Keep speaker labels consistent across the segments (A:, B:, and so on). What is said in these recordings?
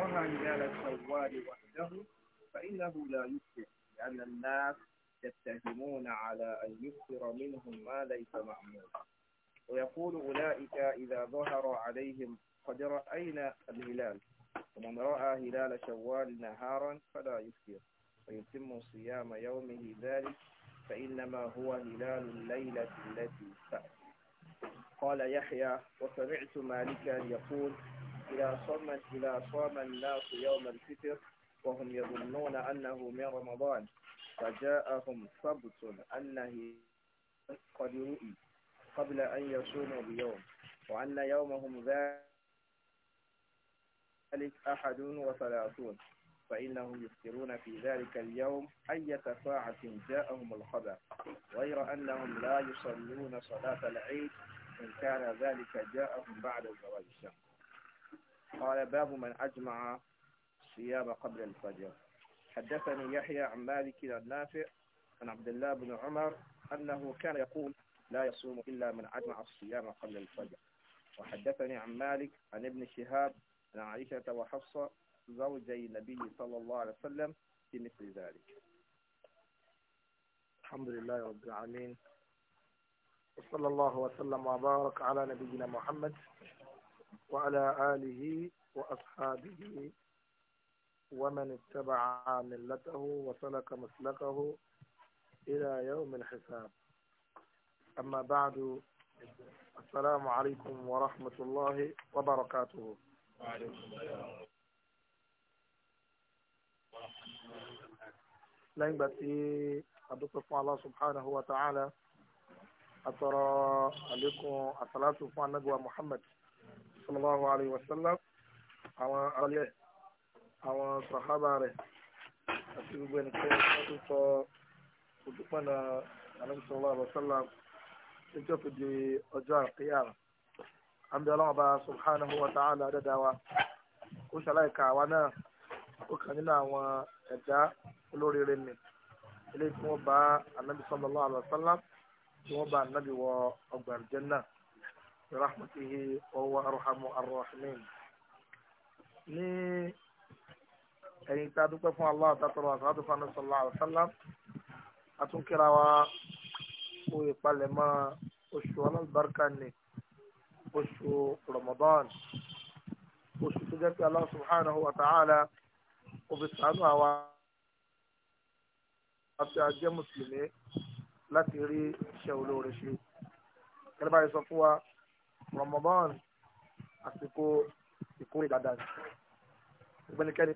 A: ومن على الجوال وحده فإنه لا يسرع لأن الناس يتهمون على أن يكثر منهم ما ليس معمولا ويقول أولئك إذا ظهر عليهم قد رأينا الهلال ومن رأى هلال شوال نهارا فلا يفتر ويتم صيام يومه ذلك فإنما هو هلال الليلة التي تأتي قال يحيى وسمعت مالكا يقول إذا صام إذا صام الناس يوم الفطر وهم يظنون أنه من رمضان فجاءهم ثبت أنه قد رؤي قبل أن يصوموا بيوم وأن يومهم ذلك أحد وثلاثون فإنهم يفكرون في ذلك اليوم أية ساعة جاءهم الخبر غير أنهم لا يصلون صلاة العيد إن كان ذلك جاءهم بعد زوال الشمس قال باب من أجمع الصيام قبل الفجر حدثني يحيى عن مالك النافع عن عبد الله بن عمر أنه كان يقول لا يصوم إلا من أجمع الصيام قبل الفجر وحدثني عن مالك عن ابن شهاب عن عائشة وحفصة زوجي النبي صلى الله عليه وسلم في مثل ذلك الحمد لله رب العالمين وصلى الله وسلم وبارك على نبينا محمد وعلى آله وأصحابه ومن اتبع ملته وسلك مسلكه إلى يوم الحساب أما بعد السلام عليكم ورحمة
B: الله وبركاته لين بتي أدوك فún الله سبحانه وتعالى أترى عليكم أصلاة فún محمد sallallahu alayhi wa sallam àwọn alẹ́ àwọn sàhábà rẹ̀ àti gbogbo ẹnikẹ́ni wọ́n tún sọ ojúpọ̀nà ànábì sallallahu alayhi wa sallam níjọ́ kejì ọjọ́ àkíyàrá àmì ọlọ́run ọba subhanahu wa ta'ala dẹ́dáwa ó ṣàlàyéka àwa náà ó kàn nínú àwọn ẹ̀dá olóríire ni eléyìí tí wọ́n bá ànábì sallallahu alayhi wa tí wọ́n bá ànábì wọ ọgbà àlùjánnà náà rahmatihi ọwọ́ arhamu arrahimin ní ẹ̀yìn tá a dúpẹ́ fún Allah àtàtọ̀rọ̀ àtàtọ̀ fún anasọ́lá àlùfáàlà àtúnkìrà wa kó ìpalẹ̀mọ́ oṣù alábàárkà ni oṣù Ramadan oṣù tó jẹ́ pé Allah subhanahu wa ta'ala òfin sànú àwa àti àjẹ́ mùsùlùmí láti rí iṣẹ́ olóore ṣe. Kẹ́lẹ́ báyìí sọ fún wa. Ramadan àsìkò ìkórè dáadáa ni ìgbẹ́nikẹ́ni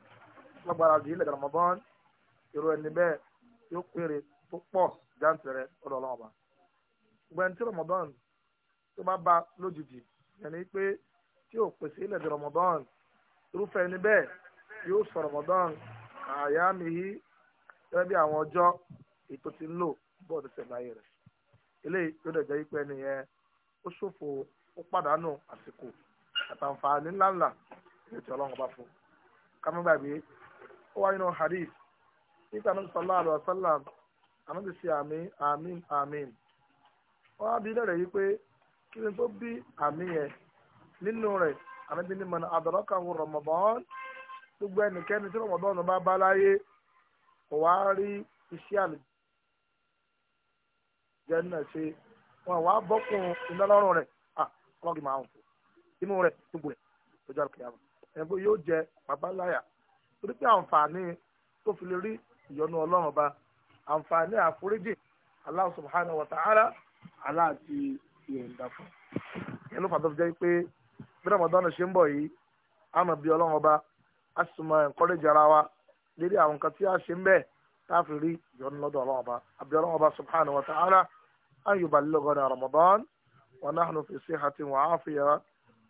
B: lágbára jù ilẹ̀ Ramadan irú ẹni bẹ́ẹ̀ yóò péré tó pọ̀ jáǹtẹ̀rẹ̀ ọ̀dọ̀ ọlọ́run ìgbẹ́ni tí Ramadan tó bá ba lójijì yẹni pé tí ò pèsè ilẹ̀ Ramadan irúfẹ́ ẹni bẹ́ẹ̀ yóò sọ Ramadan àyàmì yìí gẹ́gẹ́ bí àwọn ọjọ́ ètò ti ń lò bọ́ọ̀dù sẹ̀láyé rẹ̀ eléyìí ló ó pàdánù àsìkò àtàǹfààní ńláńlá ní ti ọlọ́run bá fún kámẹ́gbàgbé ó wáyé náà hadith nígbà náà sọlá àlọ́ sálàm ànábi ṣe àmín àmín àmín wọ́n á bí lẹ́rẹ̀ yìí pé kí ni tó bí àmín yẹn nínú rẹ̀ ànábi ní mọ̀nà àdọ̀rọ̀kà wọ Ramadan gbogbo ẹnikẹ́ni tí bá bá láyé kò wá rí iṣẹ́ fún ọgì márùn inú rẹ̀ gbogbo rẹ̀ lọ́jọ́ àkìyàmù ẹgbẹ́ yóò jẹ babaláyà torí pé àǹfààní tó fi lè rí ìyọ́nú Ọlọ́run àǹfààní àforíjì subhanahu aláàtì fún ẹ ló fàtọ́ fi jẹ́ pé bí Ramadan ṣe ń bọ̀ yìí bí Ọlọ́run a sì mọ ẹ̀ńkọ́rẹ́jì ara wa lérí àwọn nǹkan tí a ṣe ń bẹ́ẹ̀ tá a fi rí lọ́dọ̀ Ọlọ́run àbí Ọlọ́run subhanahu wa ta'ala Ramadan ونحن في صحة وعافية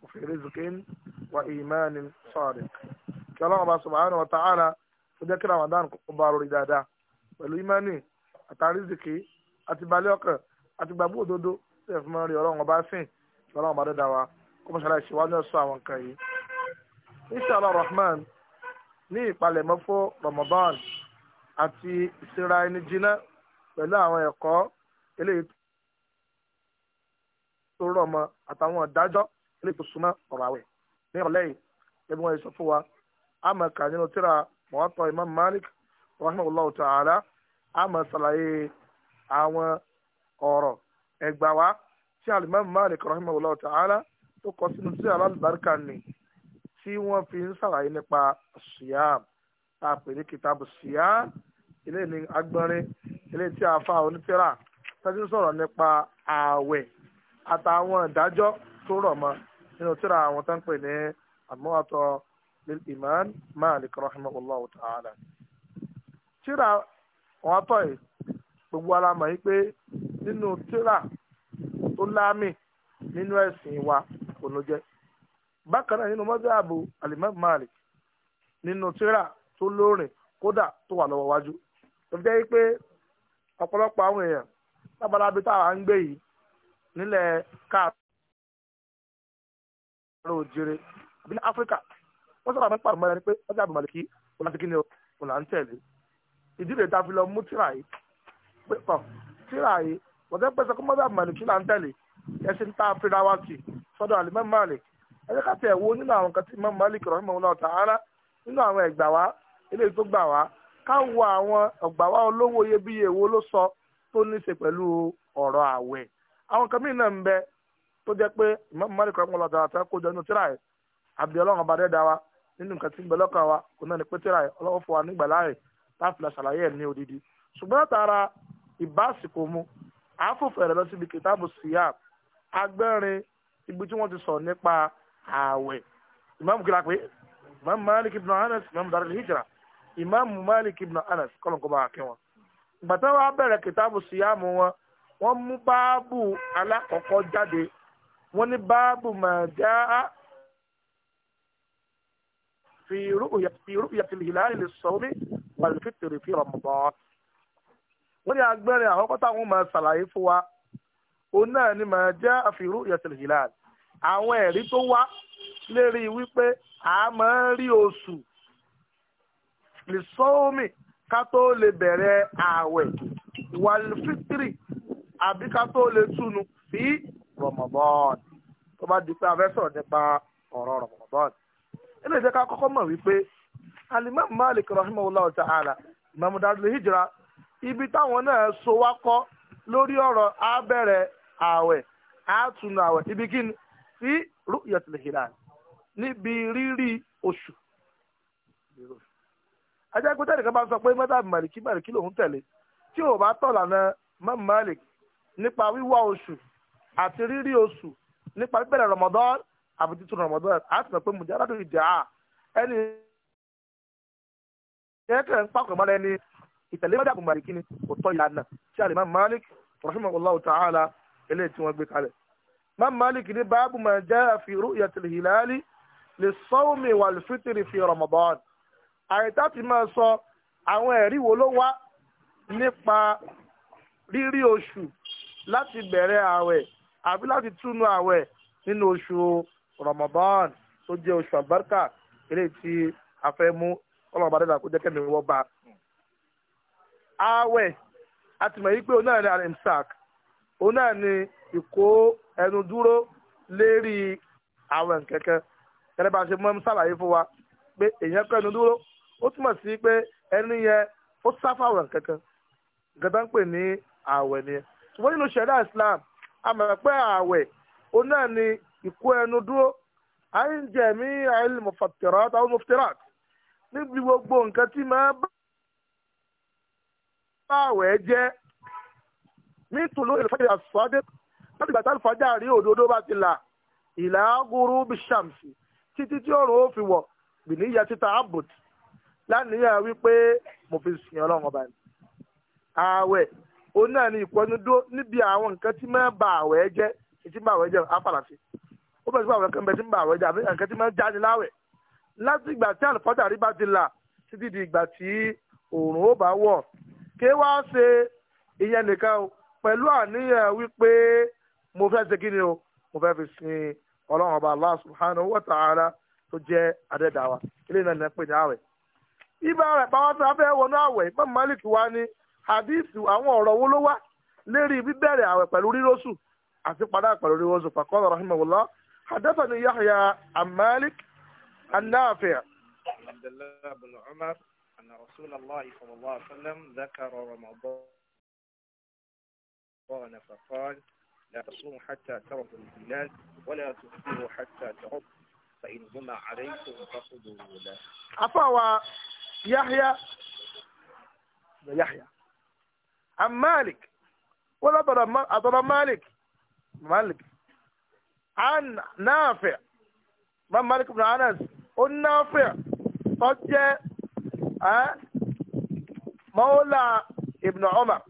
B: وفي رزق وإيمان صادق كلام الله سبحانه وتعالى فجاك رمضان قبار ردادا والإيمان أتعرزك أتباليوك أتبابو دودو سيفمان ريولون وباسين كلام الله دعوة كما شاء الله شوال نسوا وانكاي إن شاء الله الرحمن ني ìpalẹ̀mọ́ fún Ramadan àti ìsinra ẹni jiná pẹ̀lú àwọn ẹ̀kọ́ tó rọ̀ mọ́ àtàwọn ìdájọ́ ilé tó súnmọ́ ọ̀rọ̀ àwẹ̀ ní ọ̀lẹ́ yìí ẹbí wọn sọ fún wa a máa kà nínú tíra mọ̀wátọ̀ Imam Malik rahimahullahu ta'ala a máa ṣàlàyé àwọn ọ̀rọ̀ ẹgbà wa tí alimam Malik rahimahullahu ta'ala tó kọ sínú tíra alálùbáríkà ni tí wọ́n fi ń ṣàlàyé nípa siyam a ní kìtàbù siyam ilé ní agbọ́nrin ilé tí a fa onítìrà tọ́jú sọ̀rọ̀ nípa ààwẹ̀ àtàwọn ìdájọ́ tó rọ̀ mọ́ nínú tíra àwọn tó ń pè ní àmúwàtọ́ imam Malik rahimahullah ta'ala tíra wọn tọ̀ yìí gbogbo ara mọ̀ yìí pé nínú tíra tó láàmì nínú ẹ̀sìn wa kò ló jẹ́ bákan náà nínú mọ́sáàbù alimam Malik nínú tíra tó lóòrìn kódà tó wà lọ́wọ́ wájú tó fi pé ọ̀pọ̀lọpọ̀ àwọn èèyàn táwa ń gbé yìí nílẹ̀ káàró òjèrè àbí ní áfíríkà wọ́n sábà máa ń pàrọ̀ mọ́ra ni pé ọjà àbùmọ̀lẹ́kì ọ̀làǹtẹ̀kì ni ọ̀làǹtẹ̀lẹ̀ ìdílé ta fi lọ mú tíra yìí pé pọ̀ tíra yìí wọ́n tẹ́ pẹ́sẹ́ kó mọ́ra àbùmọ̀lẹ́kì ọ̀làǹtẹ̀lẹ̀ ẹ̀sìn tá a fi ra wá sí sọ́dọ̀ àlùmọ́ malik ẹ̀jẹ̀ ká tẹ̀ wo nínú àwọn kan tí mọ́ malik rọ̀ mọ́ ọlọ́ tààrà nínú àwọn ẹ̀gbà wá eléyìí tó gbà wá ká wo àwọn ọ̀gbà wá olówó iyebíye wo ló sọ tó ní í ṣe pẹ̀lú ọ̀rọ̀ àwẹ̀ àwọn kan mìíràn ń bẹ tó jẹ́ pé mọ́lẹ̀ kan kọ́ lọ́dọ̀ àti àkójọ inú tíra yìí àbí ọlọ́run ọba dẹ́dá wa nínú nǹkan tí ń bẹ lọ́kàn wa kò náà ní pé tíra yìí fún wa nígbà láàyè láti ṣàlàyé ẹ̀ ní odidi ṣùgbọ́n látara ìbásìkò mu àáfòfẹ́ rẹ̀ lọ síbi kìtàbù síyà agbẹ́rin ibi tí wọ́n ti sọ nípa ààwẹ̀ ìmáàmù kìlá pé ìmáàmù Malik ibn Anas ìmáàmù Darul Hijra ìmáàmù Malik ibn Anas kọ́lọ̀ bá wà kí wọn. ìgbà abẹ́rẹ́ kìtàbù síyà mu wọn wọ́n mú báàbù alákọ̀ọ́kọ́ jáde wọ́n ní báàbù máa já fi ru'yatil hilali lis-sawmi wal-fitri fi wọ́n ní agbẹ́rin àkọ́kọ́ táwọn máa ṣàlàyé fún wa òun náà ni máa já fi ru'yatil hilali àwọn ẹ̀rí tó wá lérí wípé a máa ń rí oṣù lis-sawmi ká tó lè bẹ̀rẹ̀ ààwẹ̀ wal àbí ká tó lè túnu fi Ramadan tó bá di pé abẹ́sọ̀rọ̀ nípa ọ̀rọ̀ Ramadan ilé ìjẹ́ ká kọ́kọ́ mọ̀ wípé alimami Malik rahimahullah ta'ala imamu darul hijra ibi táwọn náà so wá kọ́ lórí ọ̀rọ̀ abẹ́rẹ́ ààwẹ̀ àtúnu ààwẹ̀ ibi kí ni fi ru'yatul hilal níbi rírí oṣù ajá pé tẹ́lẹ̀ kan bá sọ pé mọ́tàbí màlìkí màlìkí lòún tẹ̀lé tí ò bá tọ̀lànà mọ́mú Malik nípa wíwá oṣù àti rírí oṣù nípa bíbẹ̀rẹ̀ Ramadan àbí títún Ramadan a sì mọ̀ pé mujaradu ìjà ẹni kẹ́kẹ́ ń pàkó mọ́ra ẹni ìtẹ̀lé mọ́jà kò mọ̀rì kíni kò tọ́ ìlànà tí Imam Malik rahimahullahu ta'ala eléyìí tí wọ́n gbé kalẹ̀. Imam Malik ní báàbù máa jẹ́ fi ru'yatil hilali lè sọ́wọ́mì wà lè fi Ramadan. àyíká ti máa sọ àwọn ẹ̀rí wo ló wá nípa rírí oṣù láti bẹ̀rẹ̀ àwẹ̀ àbí láti túnú àwẹ̀ nínú oṣù Ramadan tó jẹ́ oṣù àbáríkà eléyìí tí a fẹ́ mú ọlọ́run bá dẹ́dà kó jẹ́ kẹ́mi wọ́n bá. àwẹ̀ àtìmọ̀ yìí pé òun náà ní alimsak òun náà ní ìkó ẹnu dúró lérí àwẹ̀ nkẹ́kẹ́ kẹ́lẹ́ bá a ṣe mọ́ ẹnu sàlàyé fún wa pé èèyàn kọ́ ẹnu dúró ó túmọ̀ sí pé ẹni yẹn ó sáfà àwẹ̀ nkẹ́kẹ́ gẹ́gẹ́ bá ń pè ní àwẹ̀ nìyẹn ṣùgbọ́n nínú ṣẹ̀dá islam àmọ̀pẹ́ ààwẹ̀ ó náà ni ìkó ẹnu dúró à ń jẹ̀mí al-mufattirat àwọn muftirat níbi gbogbo nǹkan tí máa bá ààwẹ̀ jẹ́ mí tùlú ìlúfẹ́jì àsọ́dé láti gbàtà ìfọ́jà rí òdodo bá ti là ìlà gúrú bishamsi títí tí ọ̀rọ̀ ó fi wọ̀ bìníyà títà abud lánìyàn wípé mo fi sìn ọlọ́run ọba ni ààwẹ̀ òun náà ni ìpọnudó n'ibi ahụ nǹkan tí máa bà àwẹ̀ jẹ́ tí bà àwẹ̀ jẹ́ afàlàfi ó bẹ̀rẹ̀ sí àwọn kan bẹ̀rẹ̀ sí bà àwẹ̀ jẹ́ àbí nǹkan tí máa jáde láwẹ̀ láti ìgbà tí àlùfáàjà ti là títí di ìgbà tí òòrùn ó bá wọ̀ mo ọba Allah subhanahu wa ta'ala tó jẹ́ adẹ́dàá ilé náà ní ẹ pè ní ibà hadithu àwọn ọ̀rọ̀ wo ló wá lérí bíbẹ̀rẹ̀ àwẹ̀ pẹ̀lú rírọ́sù àti padà pẹ̀lú rírọ́sù faqala rahimahullah hadathani yahya an malik an nafi'.
A: abdullahi bin umar anna rasulallah sallallahu alaihi wa dhakara ramadan faqala لا تصوم حتى ترض الهلال ولا تفطر حتى
B: ترض فإن جمع عليكم فخذوا له. عفوا يحيى يحيى عن مالك ولا أضر مالك مالك عن نافع من مالك بن أنس النافع طجة مولى ابن عمر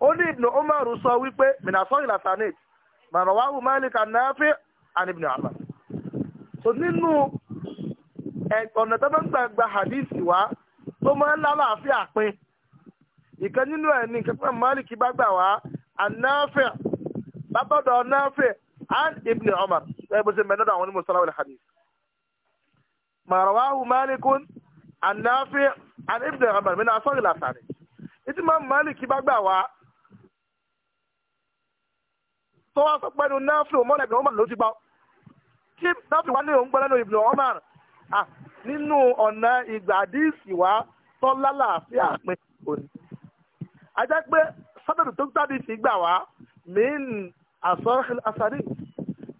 B: قل ابن عمر صويب من أصول الأسانيد ما رواه مالك عن نافع عن ابن عمر سننه ọ̀nà tó máa ń gbàgbà hadith wa tó máa ń lálàáfíà pin ìkan nínú ẹ̀ ní nǹkan fún Málìkì bá gbà wá anáfẹ́ bábọ́dọ̀ anáfẹ́ an ibn Umar ẹ bó ṣe mẹ́rin náà àwọn onímọ̀ sọ́lá wàlẹ̀ hadith. màrọ̀wáhù Málikún anáfẹ́ an ibn Umar mẹ́rin asọ́rì látàrí ìtì máa Málìkì bá gbà wá tó wá sọ pẹ́nu náfẹ́ òmọ́lẹ̀ ibn Umar ló ti gbọ́ tí náfẹ́ wá ní òun gbọ́ lẹ́nu ibn Umar nínú ọ̀nà ìgbà àdìsí wa tọ́lá làáfíà pé òní ajá pé sábẹ̀dù tó tàbí sí gbà wá min asọ́rọ̀kìlì asàrí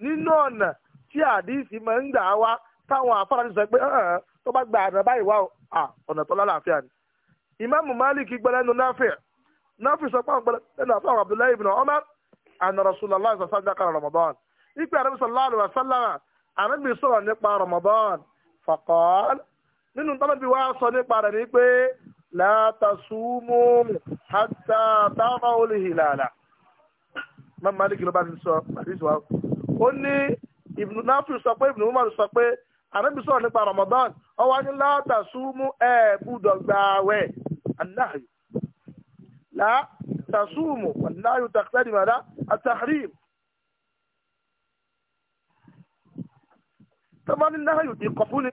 B: nínú ọ̀nà tí àdìsí máa ń gbà wá táwọn afárá ti sọ pé tó bá gba àná báyìí wá ọ̀nà tó lálàáfíà ni. ìmáàmù máàlìkì gbọ́dọ̀ ẹnu náfẹ̀ náfẹ̀ sọ pé àwọn gbọ́dọ̀ ẹnu àfọwọ́ abdullahi ibn Umar àna rasulullah sallallahu alaihi wasallam ramadan ipe arabi sallallahu alaihi wasallam arabi sọ̀rọ̀ nípa ramadan faqal nínú tọ́lá látàsúmù hátà táwọn olùhì làlà mọ́mọ́ Málíkì ló bá ti sọ àdìsí wa ó ní Ibn Nafi sọ pé Ibn Umar sọ pé àrẹ́bí sọ̀rọ̀ nípa Ramadan ọwọ́ ní látàsúmù ẹ̀ gbúdọ̀ gbààwẹ̀ anáhì látàsúmù anáhì tàkítàdì màdá àtàhírìm tọ́mọ́ ní náhì ìkọ̀fún ni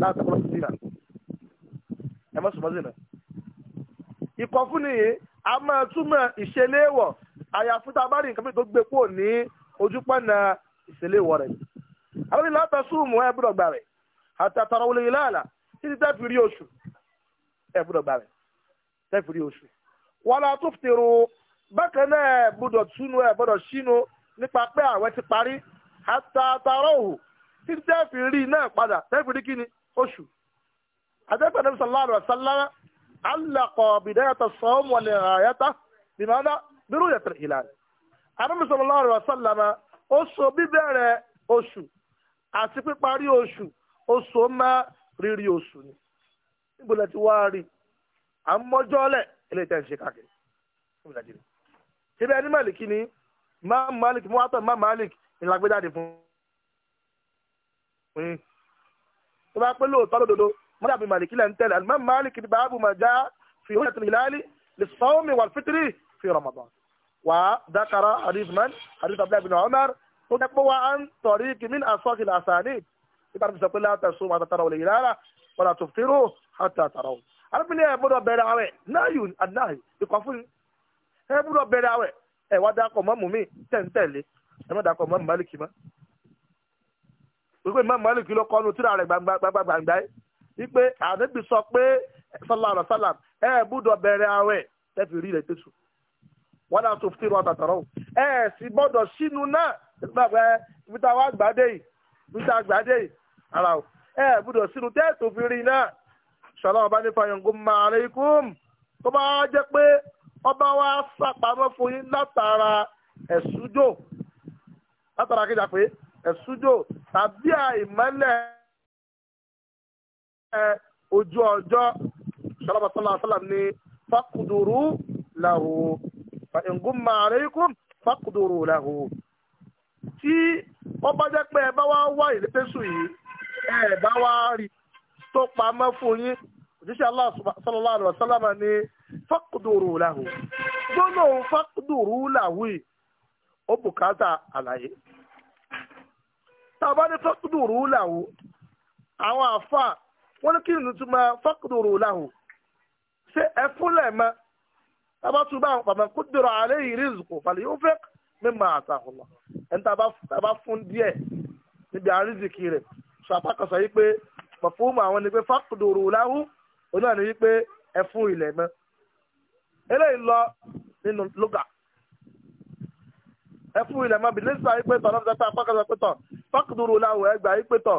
B: látàkùrọ̀ sí náà ẹ má súnmọ́ zina. ìkọ̀fúnni yìí a máa túmọ̀ ìṣeléwọ̀ àyàfi tá a bá rí nǹkan mìíràn tó gbé pò ní ojúpọ̀nà ìṣeléwọ̀ rẹ̀. àwọn ìlànà tẹ̀sùmù ẹ̀ gbọ́dọ̀ gbà rẹ̀ àtàtàrà wọlé ìlànà títí tẹ́ fi rí oṣù ẹ̀ gbọ́dọ̀ gbà rẹ̀ tẹ́ fi rí oṣù. wàlá tó fi tèrò bákan náà gbọ́dọ̀ túnú ẹ̀ sínú nípa pé àwẹ̀ ti parí àtàtàrà òhù títí tẹ́ fi rí náà padà tẹ́ fi rí kíni oṣù àtẹ́pẹ́ nàbí sallallahu alaihi wasallam alaqọ bidayata sọ́ọ́mù wà ní àyàtà bìmọ́dá bírú yẹtẹ̀ ìlànà àdàbí sallallahu alaihi wasallam ó so bíbẹ̀rẹ̀ oṣù àti píparí oṣù oṣù má rírí oṣù ni níbo lẹ ti wá rí à ń mọ́jọ́lẹ̀ eléyìí tẹ́ ń ṣe káàkiri níbo lẹ ti rí síbẹ̀ ní màlìkì ni má màlìkì mú wàtọ̀ má màlìkì ìlàgbéjáde fún un tó bá pẹ́ lóòótọ́ lódodo mọ́dà bí màlìkí lẹ́ ń tẹ̀lé àlùmọ́ màlìkí ni báàbù mà já fi hùwà tìlì láàlì lè sọ́ọ́mì wà fitiri fi ramadan. wà á dákàrà hadith man hadith abdullahi bin umar tó jẹ́ pé wà á ń tọ̀rí kìmín asọ́kìlì àsàní nípa tó sọ pé láti sùn wà tàtàrà òlè ìlara wà á tó fìrò hàtà tàrà ò. arábìnrin ẹ̀ gbọ́dọ̀ bẹ̀rẹ̀ àwẹ̀ náàyù àdáhì ikọ̀ fún ẹ̀ gbọ́dọ̀ bẹ̀rẹ̀ àwẹ̀ ẹ̀ wá dákọ̀ mọ́mù mi tẹ̀ntẹ̀lé ẹ̀ má dákọ̀ mọ́mù málìkì mọ́. wípé mọ́mù málìkì ló kọ́ nu tíra rẹ̀ gbàgbàgbàgbà wípé ànábì sọ pé sọláàrọ sálàm ẹ gbúdọ̀ bẹ̀rẹ̀ àwẹ̀ tẹ́fì rí rẹ̀ tẹ̀sù wọn náà tó fi rọta tọrọ ẹ sì gbọ́dọ̀ sínú náà nígbà pé ibi tá a wá gbàdé yìí ibi tá a gbàdé yìí ara o ẹ gbúdọ̀ sínú tẹ́ẹ̀tù fi rí náà sọlá ọba ní fayọǹgó maaleykum tó bá jẹ́ pé ọba wa sàpamọ́ fún yín látara ẹ̀sùjò látara kíjà pé ẹ̀sùjò tàbí àìmọ́lẹ̀ ojú ọjọ́ sọlọ́bà sọlá sọlá ní fakuduru lahu fa ingum ma'alaykum fakuduru lahu tí wọ́n bá jẹ́ pé ẹ bá wá wá ìrètésù yìí ẹ bá wá rí tó pamọ́ fún yín òṣìṣẹ́ Allah sallallahu alaihi wasallam ní fakuduru lahu gbọ́nà òun fakuduru yìí ó bùkátà àlàyé tá bá ní fakuduru lahu àwọn àfáà wọ́n ní kí ni tún máa fọ́kùdùrù làwọn ṣé ẹ fúnlẹ̀ mọ́ tábà tún bá àwọn pàmò kúndùrù àlẹ́ yìí rí zùkú falẹ̀ yóò fẹ́ mi máa àtàkùnlọ ẹni tábà fún díẹ̀ níbi àrízìkì rẹ̀ sọ apákọ̀sọ yìí pé pàfóòmù àwọn ni pé fọ́kùdùrù làwọn oní àná yìí pé ẹ fún eléyìí lọ nínú lóga ẹ fún ilẹ̀ mọ́ yìí pé tọ̀ lọ́fíìsì apákọ̀sọ pé tọ̀ fọ́kùdùrù làwọn ẹgbàá yìí pé tọ̀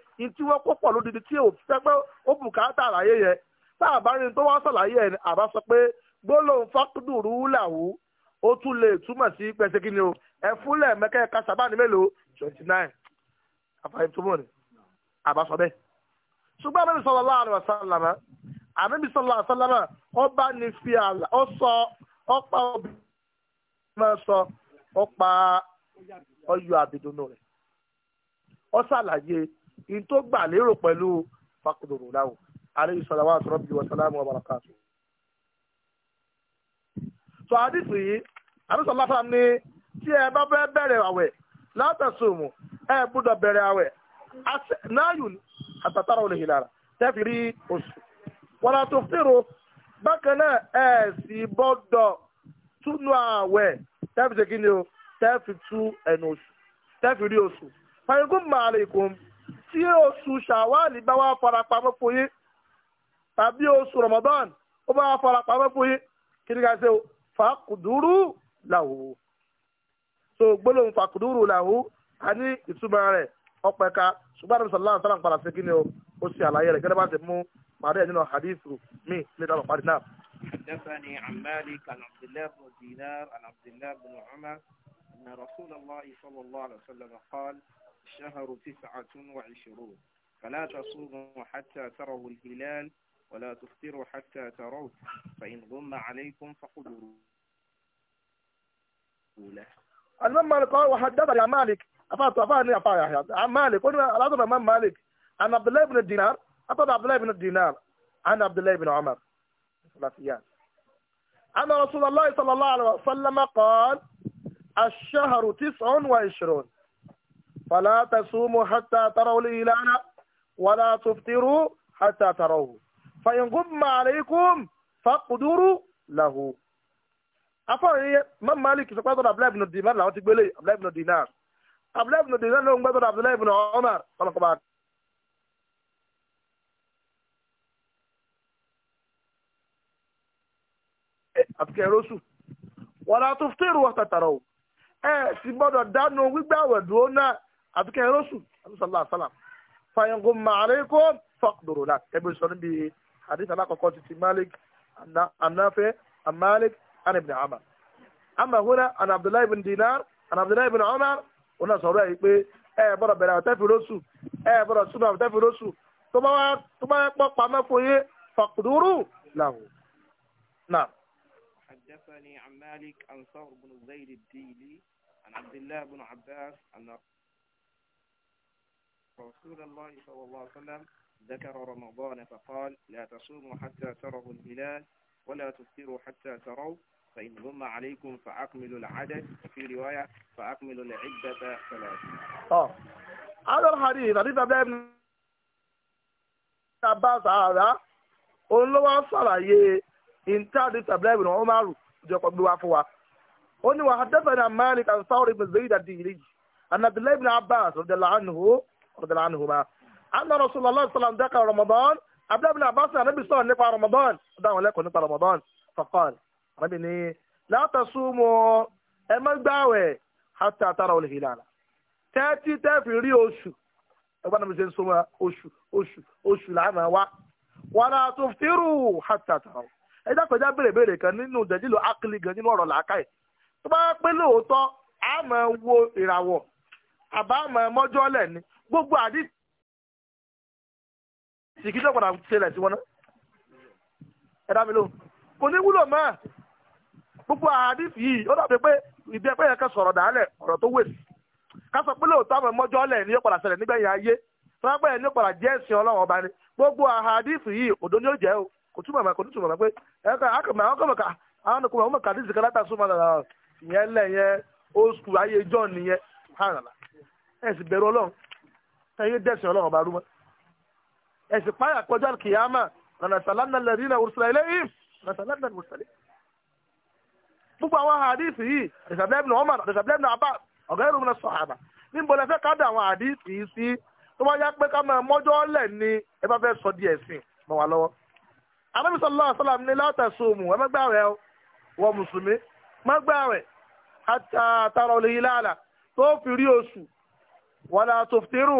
B: ní tí wọ́n kó pọ̀ lódìdí tí ò fẹ́ pé ó bùkátà àlàyé yẹn tá a bá rí ní tó wá sàlàyé ẹ̀ àbá sọ pé gbólóhùn fákúdùrú làwù ó tún lè túmọ̀ sí pẹ̀sẹ̀ kí ni o ẹ fúnlẹ̀ mẹ́kẹ́ ká sábà mélòó twenty nine àfàìmọ̀ tó mọ̀ ni àbá sọ bẹ́ẹ̀. ṣùgbọ́n àmì sọ̀rọ̀ láàrin ọ̀sánlámà àmì sọ̀rọ̀ ọ̀sánlámà ó bá ní fi àlà ó sọ ó pa òbí máa sọ ó pa ọyọ àbìdùnú rẹ̀ ó ṣàlàyé in tó gbà lérò pẹ̀lú fàkùdòrò láwù alayhi salawatu rabbi wa salamu wa barakatuh. sọ àdìsí yìí àdìsọ láfa ni tí ẹ bá fẹ́ bẹ̀rẹ̀ àwẹ̀ látàsùnmù ẹ gbọ́dọ̀ bẹ̀rẹ̀ àwẹ̀ náyù àtàtàrà olè hìlára tẹ́fì rí oṣù wọn àti òfìrò bákan náà ẹ sì gbọ́dọ̀ túnú àwẹ̀ tẹ́fì ṣe kí ni o tẹ́fì tú ẹnu oṣù tẹ́fì rí oṣù fàyẹ̀kùn màálẹ̀ tí oṣù ṣàwálì bá wá farapamọ́ fún yín tàbí oṣù ramadan ó bá wá farapamọ́ fún yín kí ni ká ṣe fàkùdúrú làwò so gbólóhùn fàkùdúrú làwò a ní ìtumọ̀ rẹ̀ ọ̀pẹ̀ ká ṣùgbọ́n àdàbí sàlá àṣàlá ń padà sí kí ni o ó ṣe àlàyé rẹ̀ gẹ́gẹ́ bá ti mú màdé ẹ̀ nínú hadithu mi ní ìdáhùn parí náà.
A: حدثني عن مالك عن عبد الله بن دينار عن عبد الله بن عمر أن رسول الله صلى الله عليه وسلم قال الشهر تسعة وعشرون فلا تصوموا حتى تروا الهلال ولا تفطروا حتى تروه فإن غم عليكم فقدروا له
B: المهم مالك وحدثني يا مالك أفاد يا أفاد عن مالك قلنا الأضرب من مالك عن عبد الله بن الدينار أفاد عبد الله بن الدينار عن عبد الله بن عمر ثلاثيان أن رسول الله صلى الله عليه وسلم قال الشهر تسع وعشرون فلا تصوموا حتى تروا الهلال ولا تفطروا حتى تروه فإن غم عليكم فاقدروا له afọ́rin mọ́ malik sọ pé àtọ́dọ̀ abdullahi ibn dinar làwọn ti gbélé abdullahi ibn dinar abdullahi ibn dinar ló ń gbẹ́tọ́dọ̀ abdullahi ibn omar ọlọ́kọ̀ọ́ba. àtúkẹ́ rọ́ṣù wọ́n á tún fún èrò wọ́n tàtàrọ̀ ẹ̀ sì gbọ́dọ̀ dánú gbígbà wẹ̀ dúró náà àbíkẹ́ ẹ̀rọ́sù àbísọ̀lá àsálà fàyẹ̀ngùn màálẹ́kọ́ fọ́kùdùrù là ẹgbẹ́ sọ níbi àdìsá alákọ̀ọ́kọ́ ti ti malik anáfẹ́ amalik anibni ama ama húnà ana abdullahi bin dinar ana abdullahi bin umar ọ̀nà sọ̀rọ̀ yìí pé ẹ bọ̀rọ̀ bẹ̀rẹ̀ àtẹ́fì rọ́sù ẹ bọ̀rọ̀ súnmọ́ àtẹ́fì rọ́sù tó bá pọ̀ pamọ́ fún yé fọ́kùdùrù làwọn. نعم
A: حدثني عن مالك عن ثور بن زيد الديلي عن عبد الله بن عباس عن رسول الله صلى الله عليه وسلم ذكر رمضان فقال لا تصوموا حتى تروا الهلال ولا تفطروا حتى تروا فإن هم عليكم فأكملوا العدد وفي رواية فأكملوا العدة ثلاثة
B: آه هذا الحديث حديث عبد الله بن عباس هذا òun ló wá sàlàyé intaadi tabla ibn عمر جاكم بوافوا wa fun مالك ní wa hadathana malik an sawr ibn الله ad-dili an abdullah rọ̀dàlá àánú hùmá. anna rasulullah sallam dákà ramadan abdulhamid abbas anabi sọ̀rọ̀ nípa ramadan ó dá àwọn lẹ́kọ̀ọ́ nípa ramadan faqal anabi ni látàsúmù ẹ má gbààwẹ̀ hatta tara olè hilala tẹ́tí tẹ́fì rí oṣù ẹgbẹ́ náà mi ṣe ń sọmọ oṣù oṣù oṣù làánà wa wàrà tó fìrù hatta tara ẹ dákọjá béèrè béèrè kan nínú dẹ̀jìlò akili gan nínú ọ̀rọ̀ làákàyè tó bá pé lóòótọ́ a máa wo ìràwọ̀ àbá máa mọ́jọ́lẹ̀ ni gbogbo adi ìsìnkí tó padà ṣẹlẹ̀ sí náà ẹ̀dá mi ló kò ní wúlò mọ́ gbogbo àdí yìí ó dàbí pé ìdí ẹgbẹ́ yẹn kan sọ̀rọ̀ dàálẹ̀ ọ̀rọ̀ tó wèsì ká sọ pé lóòótọ́ àwọn ẹmọ́jọ́ ọ̀lẹ̀ ni ó padà ṣẹlẹ̀ nígbẹ̀yìn ayé tọ́lápẹ́ ní ẹ̀sìn ọba gbogbo òdo ni jẹ́ ẹyẹ dẹ̀sìn ọlọ́run ọba rúmọ́ ẹ̀sìn páyà kọjá kìyàmà nànàṣàlánà lẹ́rìnà òrùsùlẹ̀ eléyìí nànàṣàlánà òrùsùlẹ̀ gbogbo àwọn àdìsí yìí àdìsàbẹ́bìnà ọmọ àdìsàbẹ́bìnà àbá ọ̀gá ẹ̀rù mi sọ̀hàbà níbo lẹ fẹ́ ká dà àwọn àdìsí yìí sí tó bá yá pé ká máa mọ́jọ́ lẹ̀ ni ẹ bá fẹ́ sọ di ẹ̀sìn mọ́ wa lọ́wọ́. Ànábì sallallahu alaihi wasallam ní látàsóòmù ẹ má gbààwẹ̀ wọ mùsùlùmí má gbààwẹ̀ àtàtàrọ̀ lè yí láàlà tó fi rí oṣù wàlà tòfìtérò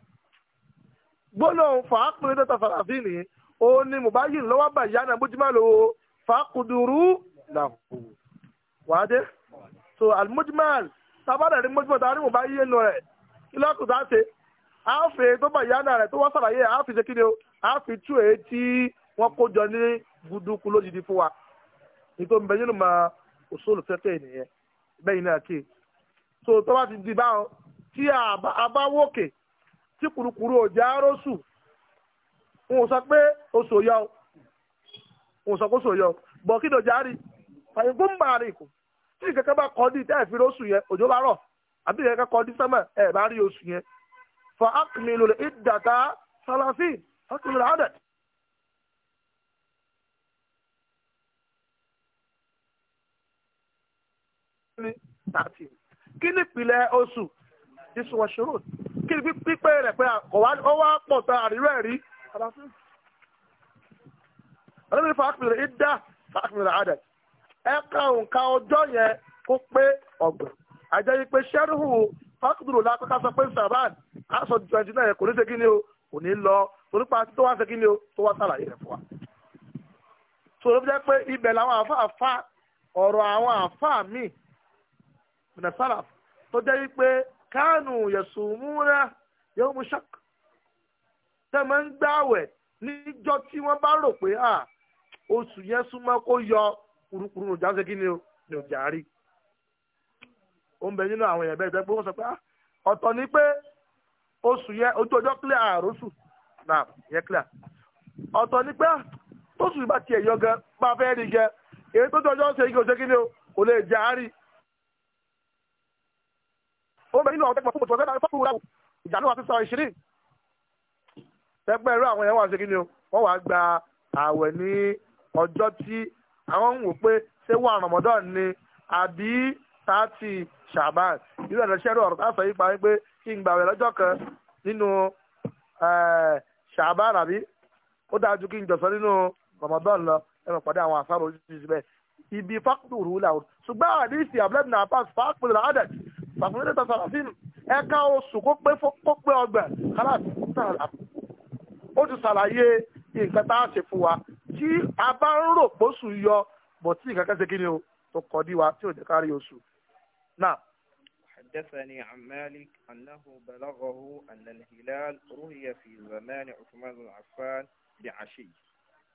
B: gbólóhùn fàákùnrin tó ta fàràfin ni ó ní mubayin lọ́wọ́ bàyá náà mójúmọ́ lò ó fàákùdùrú làkù wáde so almujmal tábàdà ní mójúmọ́ tá a ní mubayin nù rẹ̀ kí lọ́kùn tá a ṣe àáfẹ́ tó bàyá náà rẹ̀ tó wá sàlàyé àáfẹ́ ṣe kí ni o àáfẹ́ tú èyí tí wọ́n kó jọ ní guduku lójijì fún wa nítorí bẹ́ẹ̀ nínú máa òṣòlù fẹ́fẹ́ ènìyàn bẹ́ẹ̀ ni àkè so tó bá ti di báwọn tí a bá wókè. tí kùrùkùrù òjò arósù n ò sọ pé oṣù yọ n ò sọ pé oṣù yọ bọ̀ kí rí kù tí bá kọ́ di tẹ́ẹ̀ rósù yẹn òjò bá rọ̀ àbí kọ́ di sẹ́mọ̀ ẹ̀ bá rí oṣù yẹn fọ akmilu ìdàtà sálásì akmilu adad. kí ni ìpìlẹ̀ oṣù tí ṣòro kí ni pípẹ́ rẹ̀ pé ó wá pọ̀ tán àríwá ẹ̀rí. ọlọ́run fa àkùnrin ìdá fa àkùnrin àdà ẹ ka òǹkà ọjọ́ yẹn kó pé ọgbọ̀n àjẹ́ yìí pé sẹ́rùhù fákùdùrù lápẹ́ká sọ pé sàbáàd aṣọ twenty nine kò ní ṣe kí ni o kò ní lọ torípa tó wá ṣe kí ni o tó wá sàlàyé rẹ̀ fún wa. sọ̀rọ̀ bí jẹ́ pé ibẹ̀ làwọn àfáàfáà ọ̀rọ̀ àwọn àfáà míì mìnà tó jẹ́ wípé kanu yasumuna yawmu shaq taman gbawe ni jo ti won ba ro pe ah osu yen sumo ko yo kurukuru no jase kini o ni o o nbe ninu awon ebe be se pe won so pe ah oto ni pe osu yen ojo ojo clear arosu na ye clear oto ni pe osu ba ti e yo gan ba fe ri je e to jo jo se o le jari ó bẹ nínú àwọn tẹ́gbọ̀n fún mọ̀tò ọ̀sẹ̀ fọ́pù rà ìjà náà ti sọ ìṣirí tẹ́gbẹ́ irú àwọn yẹn wà ṣe kí ni o wọ́n wàá gba ààwẹ̀ ní ọjọ́ tí àwọn ń wò pé ṣé wà Ramadan ni àbí tààtì Ṣàbán irú ẹ̀rọ ṣẹ́rù ọ̀rọ̀ káfẹ́ yípa wípé kí n gbàwẹ̀ lọ́jọ́ kan nínú Ṣàbán àbí ó dájú kí n jọ̀sán nínú Ramadan lọ ẹ̀rọ pàdé àwọn àṣàrò oríṣiríṣi bẹ́ẹ̀ ibi fákùrù làwọn ṣùgbọ́n àdìsí abúlé náà pass fákùrù làádẹ́tì sàfihàn tàṣàràfín ẹ̀ka oṣù kó pé kó pé ọgbà kálàbí ó ti ṣàlàyé nǹkan tá a ṣe fún wa tí a bá ń rò pósù yọ bọ̀ tí nǹkan kẹsẹ̀ kíni o tó kọ dí wa tí ò jẹ́ kárí oṣù náà.
A: حدثني عن مالك أنه بلغه أن الهلال رؤي في زمان عثمان بن عفان بعشي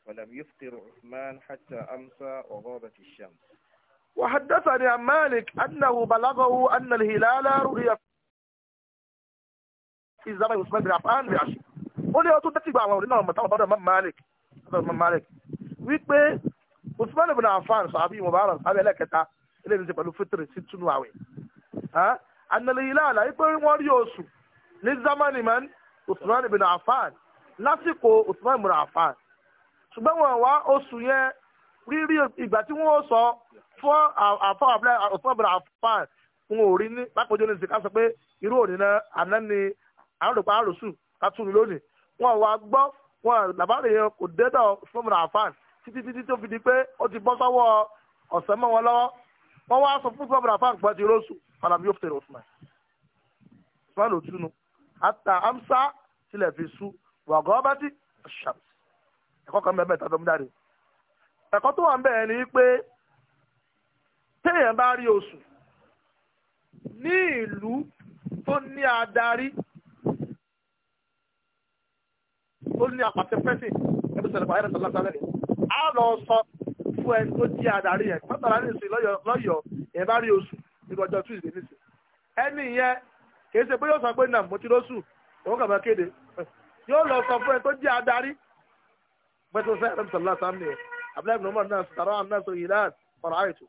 A: ولم يفطر عثمان حتى أمسى وغابت الشمس
B: وحدثني عن مالك أنه بلغه أن الهلال رؤية في زمن عثمان بن عفان بعشر ó ní ọdún tẹ́tí gba àwọn òrìnà ọmọ táwọn ọdọ Malik ọdọ Malik wípé Usman ibn Affan sàbí mubarak sábẹ ẹlẹ́kẹta eléyìí ní ti pẹ̀lú fitiri sí túnú àwẹ̀ ànàlẹ́yìn láàlá wípé wọ́n rí oṣù ní zamani man Usman ibn Affan lásìkò Usman ibn Affan ṣùgbọ́n wọn wá oṣù yẹn rírí ìgbà tí wọ́n sọ fún àfọ́ àbúrò àfáà wọn ò rí ní lápòjọ ní ìsìn ká sọ pé irú òní náà àná ni àrùpá àrùsù ká tún lónìí wọn wá gbọ́ wọn làbárí yẹn kò dédọ̀ fún àfáà títí títí tó fi di pé ó ti bọ́ sọ́wọ́ ọ̀sẹ̀ mọ́ wọn lọ́wọ́ wọ́n wá sọ fún fún àfáà pọ̀ ti rọ́ọ̀sù padà bí ó fèrè òsùnmọ̀ ìsúnmọ́ ló túnú àtà amsa tilẹ̀ fi sú wàgọ́ bá ti ṣàmùsì ẹ̀kọ́ kan mẹ́mẹ́ta tó ń ẹ̀kọ́ tó wà ń bẹ̀rẹ̀ ni pé téèyàn bá rí oṣù ní ìlú tó ní adarí tó ní àpàtẹ pẹ́sìn pàdé lọ sọ fún ẹni tó jí adarí yẹn ní ìsìn lọ́yọ̀ọ́ èèyàn bá rí oṣù nígbà ọjọ́ tuesday nísìn ẹni yẹn kì í ṣe pé yóò sọ pé nà mo ti lóṣù òun kéde yóò lọ abdullahi bin umar náà sara am náà sọ yìí láti ọ̀rọ̀ àìtó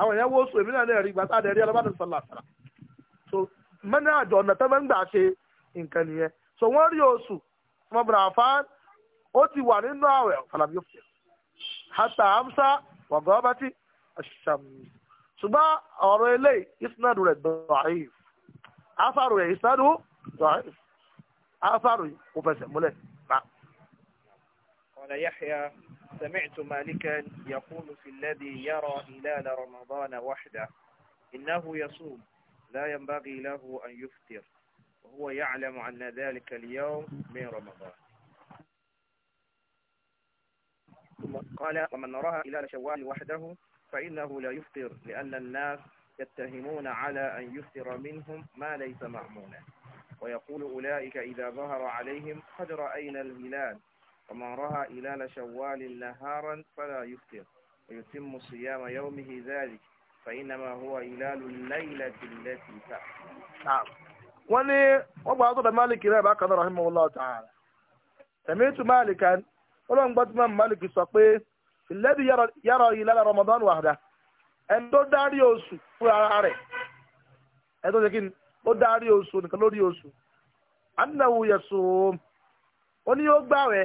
B: àwọn èèyàn wo sùn èmi náà lè rí gbàtà àdẹ̀rí alábàdàn sọ̀lá sara so mẹ́ni àjọ ọ̀nà tẹ́ mẹ́ngbà ṣe nǹkan nìyẹn so wọ́n rí oṣù ọmọbìnrin àfáàn ó ti wà nínú àwẹ̀ fàlàbí òfin hata amsa wàgọ́bátì àṣàmì ṣùgbọ́n ọ̀rọ̀ eléyìí isnadu rẹ̀ dọ̀ọ̀if afaru rẹ̀ isnadu dọ̀ọ̀if afaru kò fẹsẹ̀
A: سمعت مالكا يقول في الذي يرى هلال رمضان وحده إنه يصوم لا ينبغي له أن يفطر وهو يعلم أن ذلك اليوم من رمضان ثم قال ومن رأى هلال شوال وحده فإنه لا يفطر لأن الناس يتهمون على أن يفطر منهم ما ليس معمونا ويقول أولئك إذا ظهر عليهم قد رأينا الهلال فمن رأى هلال شوال نهارا فلا يفطر ويتم صيام يومه ذلك
B: فإنما هو هلال الليلة التي تأتي نعم وني وبعض مالك لا بقى رحمه الله تعالى سمعت مالكا ولن بطمان مالك سقي الذي يرى يرى هلال رمضان وحده ẹni dárí oṣù fún ara rẹ̀ ẹni tó kí ó dárí oṣù nìkan lórí oṣù anáwó yẹsùn ó ní yóò gbàwẹ̀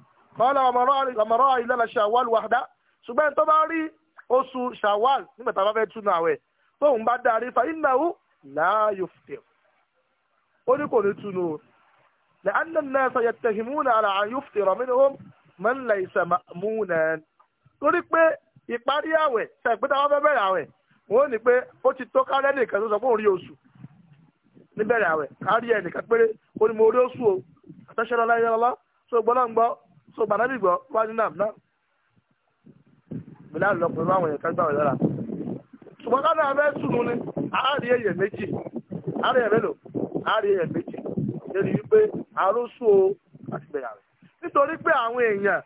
B: kọ́lá ọmọrọ́ ìlànà ṣàwọ́l wàdá ṣùgbọ́n tó bá rí oṣù ṣàwọ́l nígbà tá a bá fẹ́ túnú àwẹ̀ tóun bá darí fa ìnáwó láàyò fìdí ó ní kò ní túnú o لأن الناس يتهمون على أن يفطر منهم من ليس مأمونا torí pé ìparí àwẹ̀ ṣẹ̀gbẹ́ta wọn fẹ́ bẹ̀rẹ̀ àwẹ̀ wọ́n ní pé ó ti tó kárẹ́ nìkan tó sọ fún orí oṣù níbẹ̀rẹ̀ àwẹ̀ kárí ẹ̀ nìkan péré ó ní mo rí oṣù o àtẹ́ṣẹ́ lọ́lá so bàdábì gbọ́ wá ní nàbì náà bíláàlì lọ́pọ̀ inú àwọn èèyàn kan gbà wọ́n lára ṣùgbọ́n ká náà fẹ́ sùn ní àárí èèyàn méjì àárí èèyàn mélòó àárí èèyàn méjì lórí wípé àrósù o àti bẹ̀rẹ̀ rẹ̀ nítorí pé àwọn èèyàn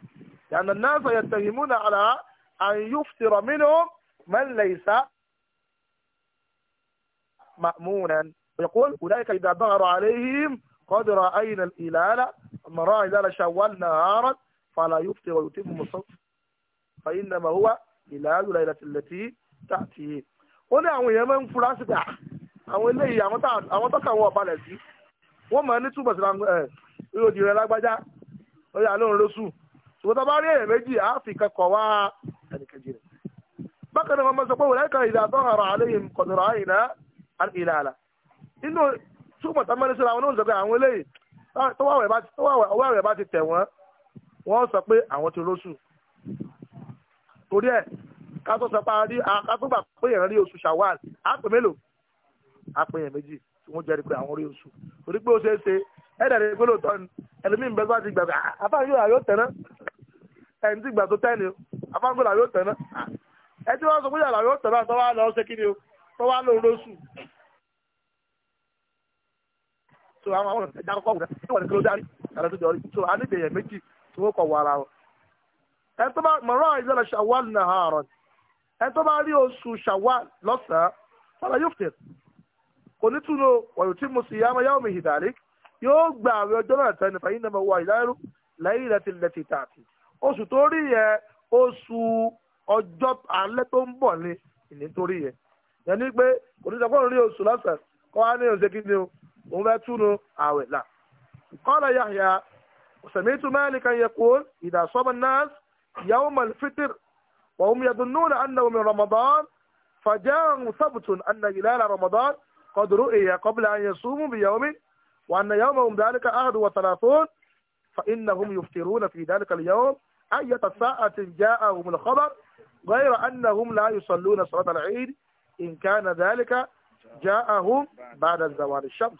B: yànnà náà sọ yẹn tẹ̀yìn múnà àrà àyùfùtìrọ̀ mínú mẹ́lẹ̀ ìsá ma'munan ويقول أولئك إذا بغروا عليهم قد رأينا الإلال المراه إذا شوال نهارا فلا يفتي ويتم مصوف فإنما هو ìlàálù láìlàtì lẹ́tí tààtì yìí. wọ́n ní àwọn èèyàn máa ń fura síta àwọn eléyìí àwọn tọ́ka wọn ọ̀balẹ̀ sí. wọ́n máa ní túbọ̀ síra ẹ̀ ìròdì rẹ̀ lágbájá lórí àlóhùn lóṣù. ṣùgbọ́n tá a bá rí èèyàn méjì á fi kẹ́kọ̀ọ́ wá ẹnìkejì rẹ̀. bákan náà wọ́n máa sọ pé wọ́n kan ìdá tó hàrà àléyìn kọ̀dọ̀rọ̀ àyìnà ìlàlà. inú túbọ̀ tá a máa ní síra àwọn olóhùn tọ́wọ́ àwẹ̀ bá ti tẹ̀ wọ́n wọ́n sọ pé àwọn ti róṣù torí ẹ̀ ká tó sọ pé a rí akátúgbà pé èèyàn rí oṣù ṣàwàl àpè mélòó àpè èèyàn méjì tí wọ́n jẹ́rìí pé àwọn rí oṣù torí pé ó ṣeé ṣe ẹ̀dà rẹ̀ pé lóòótọ́ ni ẹlòmíín bẹ́ẹ̀ bá ti gbà pé ah, àfáàgbélà yóò tẹ̀ná ẹni tí gbà tó tẹ́ ni àfáàgbélà yóò tẹ̀ná ah, ẹ tí wọ́n sọ pé yàrá yóò tẹ̀ná tó so àwọn àwọn ọ̀nà ìdákọ́kọ́ wù náà wọ́n ní kí ló dárí àlọ́ tó jọrí so a ní ìdèyẹ méjì tí wọ́n kọ̀ wọ ara wọn. ẹni tó bá mọ̀rọ́ àìsàn ṣàwọ́ọ̀lù náà hàn ọ̀rọ̀ ẹni tó bá rí oṣù ṣàwọ́ọ̀lù lọ́sàn-án fọlá yóò fẹ̀ kò ní túnú ọ̀rọ̀ tí mo sì yá yá omi ìdàrí yóò gba àwọn ọjọ́ náà tẹ́ni fàyín náà wọ lẹ́yìn tààtì oṣù tó rí yẹ oṣù ọjọ́ alẹ́ tó ń bọ̀ ni ìní tó rí yẹ pé kò ní sọ fún òun rí oṣù kọ́ wá ní oṣù kí ni o مباتونو اوي لا قال يحيى qala مالكا يقول اذا صاب الناس يوم الفطر وهم يظنون انه من رمضان فجاء فجاءهم ثبت أن هلال رمضان قد رؤي قبل أن يصوموا بيوم وأن يومهم ذلك أحد وثلاثون فإنهم يفترون في ذلك اليوم أية ساعة جاءهم الخبر غير أنهم لا يصلون صلاة العيد إن كان ذلك جاءهم بعد زوال الشمس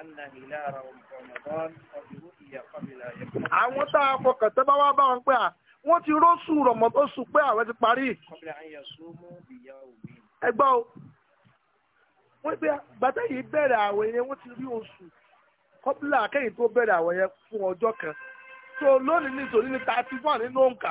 A: àwọn
B: tá a fọkàn tẹ́ bá wá bá wọn pé à wọ́n ti róṣù rọ̀mọ́ tó sùn pé àwẹ̀ ti parí. ẹgbẹ́ o wọ́n gbé gbàtẹ́ yìí bẹ̀rẹ̀ àwẹ̀ yẹn wọ́n ti rí oṣù kọ́bílà akẹ́yìn tó bẹ̀rẹ̀ àwẹ̀ yẹn fún ọjọ́ kan tó lónìí nítorí ní thirty one nínú òǹkà.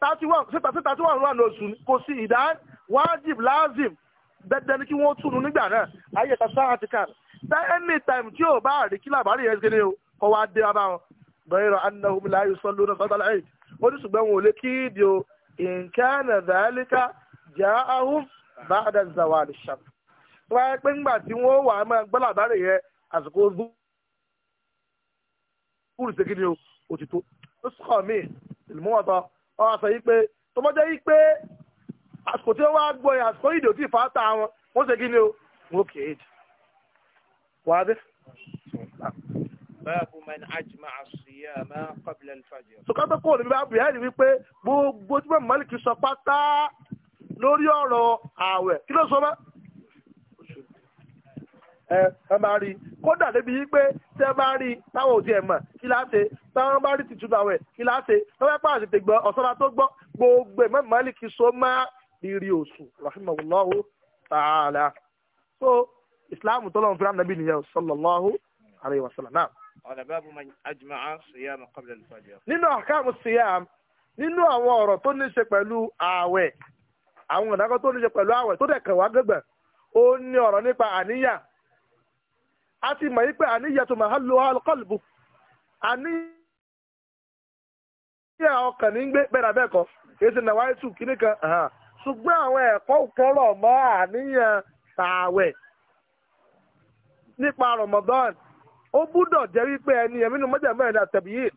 B: thirty one sí thirty one rúwà lóṣù kò sí ìdá wájib lazim dandan ni kí wọ́n túnu nígbà náà ayé ẹ̀ka sáà ti kàn tá any time tí ò bá rí kí làbárí yẹn kéde o kọ́ wa dé wa bá wọn bẹ́ẹ̀rọ anahum la yusalluna sọ́dọ̀ láì ó ní ṣùgbọ́n wọn ò lè kí ìdí o in kana dhalika ja'ahum ba'da zawali shams wọ́n á pé ńgbà tí wọ́n wà á máa gbọ́ làbárí yẹn àsìkò zúùrù ṣe kí o òtítọ́ ó sọ̀ mí ìlú mọ́wọ́tọ́ ọ̀hún sọ yìí pé tó bá jẹ́ yìí pé àsìkò tí ó wá gbọ́ yẹn àsìkò ìdè òtí ìfàtà wọn wọ́n ṣe kí ni o wọ́n kì í jù. wàá dé.
A: báàbù man ajma as-siyama qabla al-fajr.
B: sọ̀kà tó kúrò níbi báàbù yẹn ni wípé gbogbo tí wọ́n mọ̀lìkì sọ pátá lórí ọ̀rọ̀ ààwẹ̀ kí ló sọ bẹ́ẹ̀. ẹ rí kódà débi yìí pé bá rí táwọn ò tiẹ̀ kí gbogbo ẹ̀ mọ́mọ́ ma so má rírí oṣù rahimahullahu ta'ala so islam tó lọ́n fúnra nìyẹn sallallahu alayhi wa sallam siyam nínú siyam nínú àwọn ọ̀rọ̀ tó ní ṣe pẹ̀lú àwọn tó ní ṣe pẹ̀lú tó dẹ̀ kẹwàá ó ní ọ̀rọ̀ nípa a ti mọ̀ wípé àníyàn tó máa hàn ló alqalbu àníyàn ọkàn ní gbé bẹ́ẹ̀ bẹ́ẹ̀ kọ́ èsì náà wáyé tù kan ṣùgbọ́n àwọn ẹ̀kọ́ kọ́rọ̀ mọ́ àníyàn ààwẹ̀ nípa Ramadan ó gbúdọ̀ jẹ́ wípé ẹni yẹn mọ́jà mẹ́rin àtẹ̀bí yìí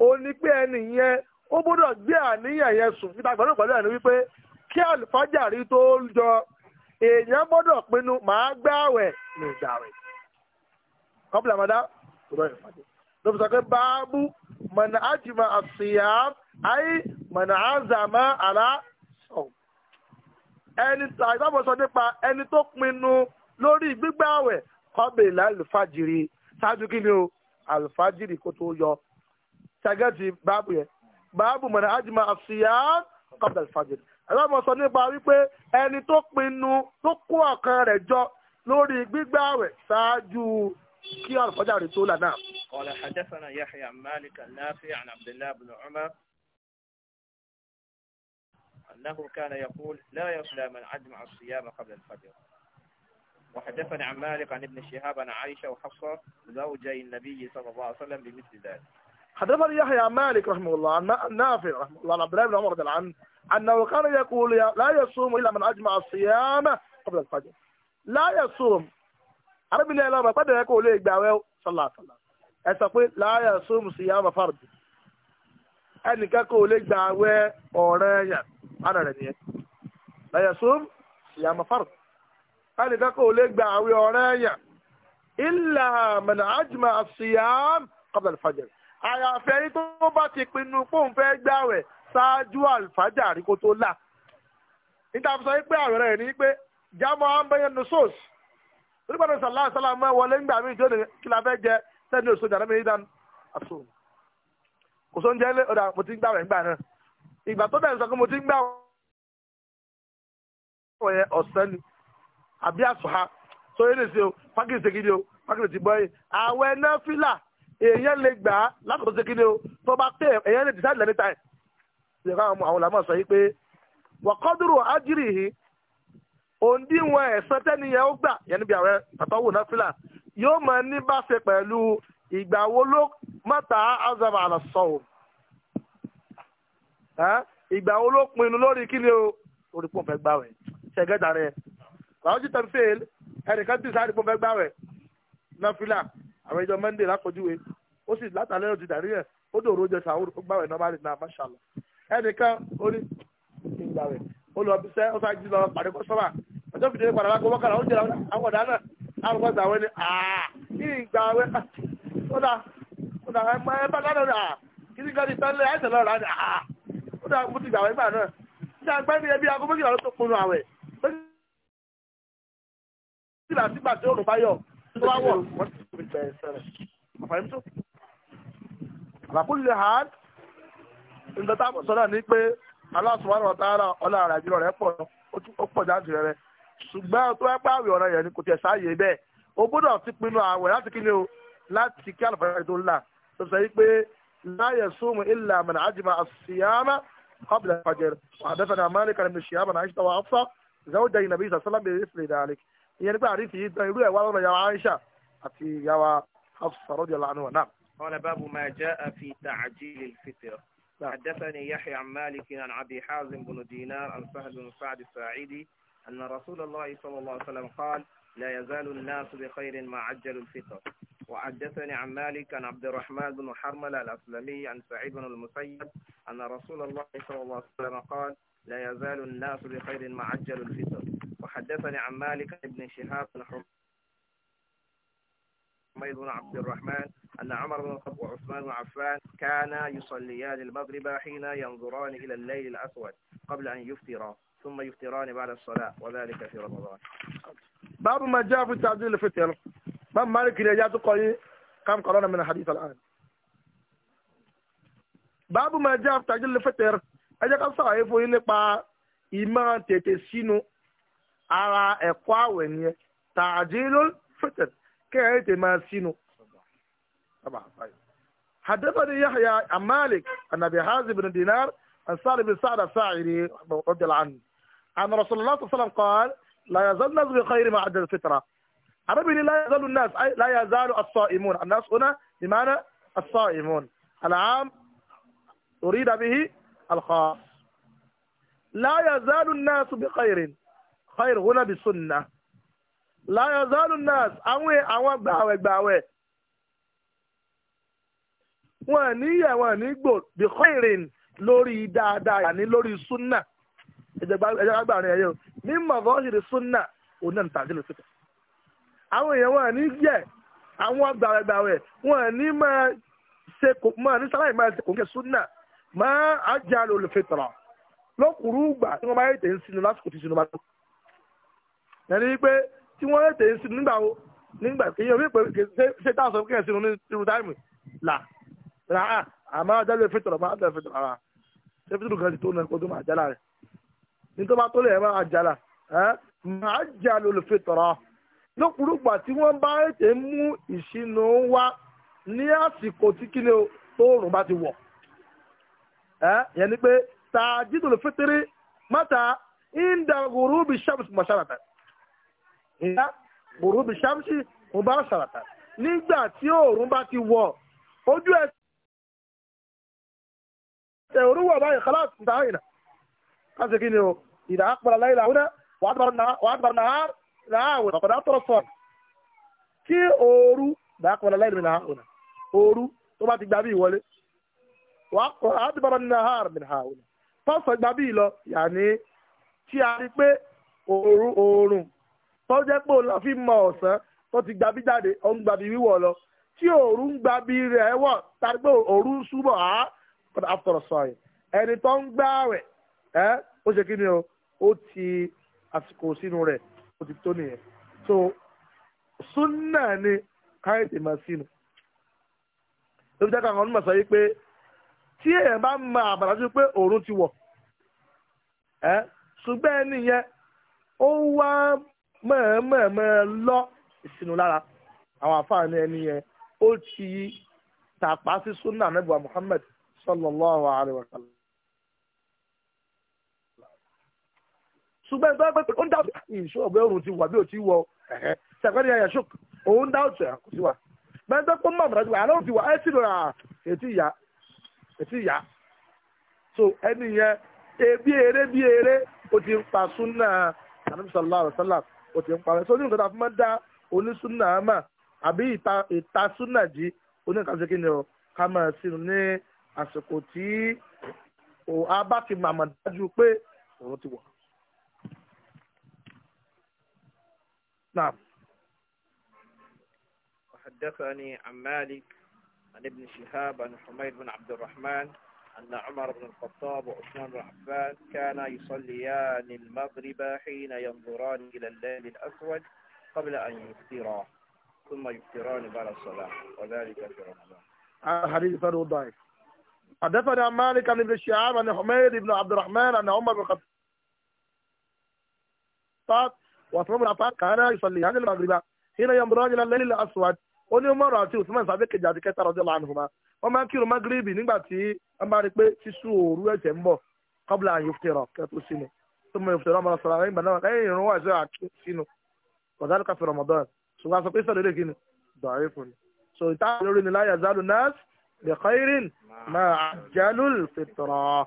B: ó ní pé ẹni yẹn ó gbúdọ̀ gbé àníyàn yẹn sùn pẹ̀lú ẹni wípé kí tó jọ èèyàn gbọ́dọ̀ pinnu màá قبل mọ́dá rọ̀ ìfàdé lọ́pọ̀ sọ pé báábù mọ̀nà ájìmá àṣìyà ayé mọ̀nà àzàmọ́ àlá sọ ẹni àìsàbọ̀ sọ nípa ẹni tó pinnu lórí gbígbà àwẹ̀ kọ́bìlà àlùfájìrì ṣáájú kí ni o àlùfájìrì kó tó yọ ṣàgẹ́tì báábù yẹn báábù mọ̀nà ájìmá àṣìyà kọ́bìlà àlùfájìrì àìsàbọ̀ sọ nípa wípé ẹni tó pinnu tó kó ọ̀kan rẹ̀ jọ lórí gbígbà àwẹ̀ ṣáájú kí ọ̀rọ̀ رسول الله نعم
A: قال حدثنا يحيى عن مالك النافع عن عبد الله بن عمر أنه كان يقول لا يصلى من عجمع الصيام قبل الفجر وحدثني عن مالك عن ابن شهاب عن عائشة وحفصة زوجي النبي صلى الله عليه وسلم بمثل ذلك
B: حدثني يحيى عن مالك رحمه الله عن نافع رحمه الله عن عبد الله بن عمر رضي عنه أنه كان يقول لا يصوم إلا من أجمع الصيام قبل الفجر لا يصوم arábìnrin ẹ lọ́mọ pàdé ẹ kò lè gbà wẹ́ sọlá ẹ sọ pé láàyè sóòmù sí yàrá fàrùdì ẹnìkan kò lè gbà wẹ́ ọ̀rẹ́ yàn ara rẹ̀ nìyẹn láàyè sóòmù sí yàrá fàrùdì ẹnìkan kò lè gbà wẹ́ ọ̀rẹ́ yàn ilà mẹ̀nà àjùmọ̀ àṣìyàm kọ́bẹ̀ alfajr àyàfẹ́ yìí tó bá ti pinnu fóun fẹ́ gbàwẹ̀ ṣáájú àlùfájà àríkó tó là níta fi sọ pé àwẹ̀rẹ̀ ní pé jámọ́ àmbẹ́yẹnu nígbà tó sàlá sàlá máa wọlé ńgbà mí tó ní kí la fẹ́ jẹ sẹ́ni oṣù jàdá mi dán àṣù kò sóun jẹ́ ọ̀dà mo ti ń gbà rẹ̀ ńgbà náà ìgbà tó dẹ̀ sọ pé mo ti ń gbà wọ̀ yẹn ọ̀sẹ̀ ni àbí àṣùhà tó yé nìṣe o pákìlì ṣe o pákìlì ti bọ́ yìí àwẹ̀ náà fìlà èèyàn lè gbà á látọ̀ ṣe o tó bá pé èèyàn lè dìsáìlì lẹ́ni táì òǹdíwọ̀n ẹ̀sán tẹ́niyẹn ó gbà yẹn níbi ààrẹ tàtọ́wò náà fìlà yóò máa ní ìgbà wo ló azaba o orí pọ̀ fẹ́ gbà wẹ̀ ṣẹ̀gẹ́dà rẹ̀ làwọ́jú tẹ̀ fẹ́ẹ́l ẹnìkan tí sáré pọ̀ fẹ́ gbà wẹ̀ náà àwọn ìjọ mẹ́ndé lápọ̀júwe ó sì látàlẹ́ òdì dàrí ẹ̀ ó dòrò oúnjẹ sàwọn olùkọ́ gbà wẹ̀ náà bá rìn máṣàlọ́ ẹnìkan ó n ó lọ bí sẹ́ ó sá jí lọ pàdé kó sọ́wà ọjọ́ fìdí padà wá gbọ́kàlà ó jẹ́ àwọn ọ̀dà náà àrùkọ́ ìgbà wẹ́ni kí ìgbà wẹ́ ó dà ó dà ẹ bá dáná rẹ̀ kí ní gbọ́dọ̀ ìtọ́lẹ̀ ẹ̀sẹ̀ lọ́ra ni ó dà mo ti gbà wẹ́ gbà náà ṣé àgbẹ́ mi ẹbí aago méjìlá ló tó kunu àwẹ̀ méjìlá sígbà tí òòrùn bá yọ Allah subhanahu wa ta'ala ọlá ara ìjírọ̀ rẹ̀ pọ̀ ó pọ̀ jáde rẹ̀ ṣùgbọ́n tó ẹ pààwẹ̀ ọ̀rọ̀ yẹn ni kò tiẹ̀ sáàyè bẹ́ẹ̀ o gbọ́dọ̀ ti pinnu àwẹ̀ láti kí ni o láti kí àlùfáà tó ńlá tó sọ yí pé la yasumu illa man ajma as-siyama qabla al-fajr hadathana Malik ibn Shihab an Aisha wa Hafsa zawjay nabiy sallallahu alaihi wasallam bi dhalik ìyẹn nípa àríṣì
A: قال باب ما جاء في تعجيل الفطر نعم. حدثني يحيى عن مالك عن ابي حازم بن دينار عن سهل بن سعد الساعدي أن رسول الله صلى الله عليه وسلم قال لا يزال الناس بخير ما عجلوا الفطر وحدثني عن مالك عن عبد الرحمن بن حرملة الأسلمي عن سعيد بن المسيب أن رسول الله صلى الله عليه وسلم قال لا يزال الناس بخير ما عجلوا الفطر وحدثني عن مالك بن شهاب بن حرملة حميد بن عبد الرحمن أن عمر بن الخطاب وعثمان بن عفان كانا يصليان المغرب حين ينظران إلى الليل الأسود قبل أن يفطرا ثم يفطران
B: بعد الصلاة
A: وذلك في رمضان
B: باب ما جاء في تعديل الفطر باب مالك رجعت تقوي كم قرانا من الحديث الآن باب ما جاء في تعديل الفطر أجا jẹ́ ká sàlàyé با إيمان تتسينو على tètè تعديل ara ما سينو طبعا طيب حدثني يحيى عن مالك عن ابي حازم بن دينار عن سالم بن سعد الساعري رضي الله عنه عن رسول الله صلى الله عليه وسلم قال لا يزال الناس بخير ما عدا الفطره عربي لا يزال الناس اي لا يزال الصائمون الناس هنا بمعنى الصائمون العام اريد به الخاص لا يزال الناس بخير خير هنا بسنه láyọ̀ zálù nas àwọn e- àwọn gbàwẹ̀ gbàwẹ̀ wọn ní yẹ wọn ní gbò bí khairin lórí dáadáa yàní lórí súnà ẹ̀jẹ̀ gbàgbà rẹ̀ yẹ o ní mọ̀gọ́ ìṣèlú súnà òun náà tàbí lè fìkà àwọn èèyàn wọn ní yẹ àwọn gbàwẹ̀ gbàwẹ̀ wọn ní máa ṣe kò máa ní sáláì máa ṣe kò ń kẹ súnà máa ajá lórí fìtọ̀rọ̀ lọ́kùnrin gbà tí wọ́n bá yẹ tẹ̀ ń sinú lásìkò tí sinú bá tó. yẹn pé tí wọ́n tẹ̀ ń sinú nígbà wo nígbà kí yóò rí pé ṣé táwọn sọ kéèyàn sinú ní irú táìmù là là á àmọ́ ajálẹ̀ fẹ́ tọ̀rọ̀ máa dẹ̀ fẹ́ tọ̀rọ̀ ara ṣé fítúrù kan ti tó náà kó tó máa jálà rẹ̀ ní tó bá tó lè máa jálà máa jà lólùfẹ́ tọ̀rọ̀ lókùrúgbà tí wọ́n bá tẹ̀ mú ìṣínú wá ní àsìkò tí kí ni o tóòrùn bá ti wọ̀ ẹ́ yẹn ni pé tàjídùn fitiri mọ́ta bí sàbùsù mọ̀ṣáratà ìyá gbòòrò bí ṣámsì mo bá ṣàràtà nígbà tí oòrùn bá ti wọ̀ ojú ẹsẹ̀ oòrùn wọ̀ báyìí kálá ti dáhìn náà káṣí kí ni o ìdá àpàlà láyé làwọn wà á dàbàrà náà láàwẹ̀ ọ̀kọ̀dá tọrọ sọ kí oòrùn ìdá àpàlà láyé làwọn náà oòrùn tó bá ti gbà bí ìwọlé wà á dàbàrà náà tọ́sọ̀ gbà bí ìlọ yà tí a rí pé oòrùn tó jẹ́ pé òun la fi mọ ọ̀sán ti gbabi jáde òun lọ tí òru ń gbabi rẹ̀ wọ̀ tàbí pé òru ń súbọ̀ á after sọ̀rọ̀ ẹni tó ń gbààwẹ̀ ẹ́ ó ṣe kí ni o ó ti àsìkò sínú rẹ̀ ti tó nìyẹn so súnà ni káyọ̀tì máa sínú sọ yìí pé tí èèyàn bá mọ ti wọ̀ ẹ́ ṣùgbọ́n ẹni yẹn ó mọ̀ọ́mọ̀ọ́mọ́ lọ ìsinú lára àwọn àfáàní ẹni yẹn ó ti tàpá sí sunnah nebua Muhammad sallallahu alayhi wa sallam. ṣùgbọ́n ìgbà pé ó ń dáwọ́ ìṣó ọ̀bẹ òrùn ti wà bí ò ti wọ ẹ̀hẹ́ ẹ̀yà sí wa bẹ́ẹ̀ àlọ́ ti wà ẹ̀ sì lọ́ra so ẹni o ti ń parẹ́ sórí nǹkan tá a fi máa dá onísúnà àmà àbí ìta súnà jí oníkàṣe kí ni ọ ká máa sínú ní àsìkò tí a bá ti màmá dájú pé òun ti wọ̀. نعم
A: عن مالك عن ابن شهاب عن حميد بن عبد الرحمن أن عمر بن الخطاب وعثمان بن عفان كانا يصليان المغرب حين ينظران إلى الليل الأسود قبل أن يفطرا ثم
B: يفطران بعد الصلاة
A: وذلك في رمضان
B: هذا حديث فرد ضعيف حدثنا مالك عن ابن الشهاب عن حميد بن عبد الرحمن أن عمر بن الخطاب وعثمان بن عفان كانا يصليان المغرب حين ينظران إلى الليل الأسود ó ní mọ́rọ̀ àti usman sàbíkì jàdíkẹ́ta rọ́jọ́lá àhùnmá wọ́n máa ń kírun magrebi nígbà tí wọ́n bá rí pé sísú òru ẹ̀jẹ̀ ń bọ̀ kọ́bùlà yòftẹ̀rọ̀ kẹ́tù sínú tó mọ yòftẹ̀rọ̀ ọmọ sọ̀rọ̀ àwọn ìgbàdàn lẹ́yìn ìrún wà sí àkí sínú kọ̀dá lóka fẹ̀rọ̀ mọ̀dọ́ ṣùgbọ́n aṣọ pé sọ̀rọ̀ kíni dọ̀rí fún mi. so ìta lórí ni láyà zalu nas bi khairin máa àjálùl fìtọ̀rọ̀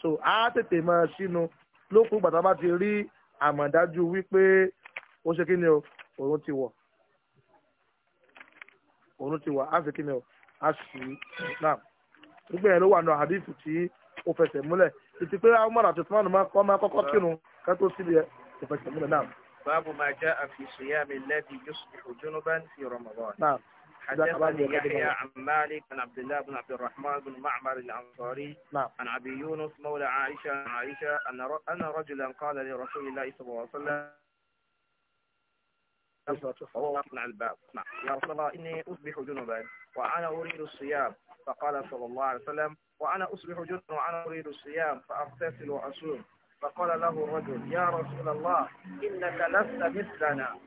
B: so á tètè máa sínú lókun gbàtà bá ti rí àmọ̀dájú wípé ó ṣe kíni o òun ti wọ̀ òun ti wọ̀ á fi kíni o àṣì wà tí ó fẹsẹ̀ múlẹ̀ pé Umar Usman kọ́ kọ́kọ́ ká tó ó fẹsẹ̀ múlẹ̀
A: باب ما جاء في صيام الذي يصبح جنبا في رمضان
B: نعم حدثني يحيى عن
A: مالك عن عبد الله بن عبد الرحمن بن معمر الانصاري نعم عن ابي يونس مولى عائشه عن عائشه ان رجلا قال لرسول الله صلى الله عليه وسلم الباب نعم يا رسول الله اني اصبح جنبا وأنا أريد الصيام فقال صلى الله عليه وسلم وأنا أصبح جدا وأنا أريد الصيام فأغتسل وأصوم فقال له الرجل يا رسول الله إنك لست مثلنا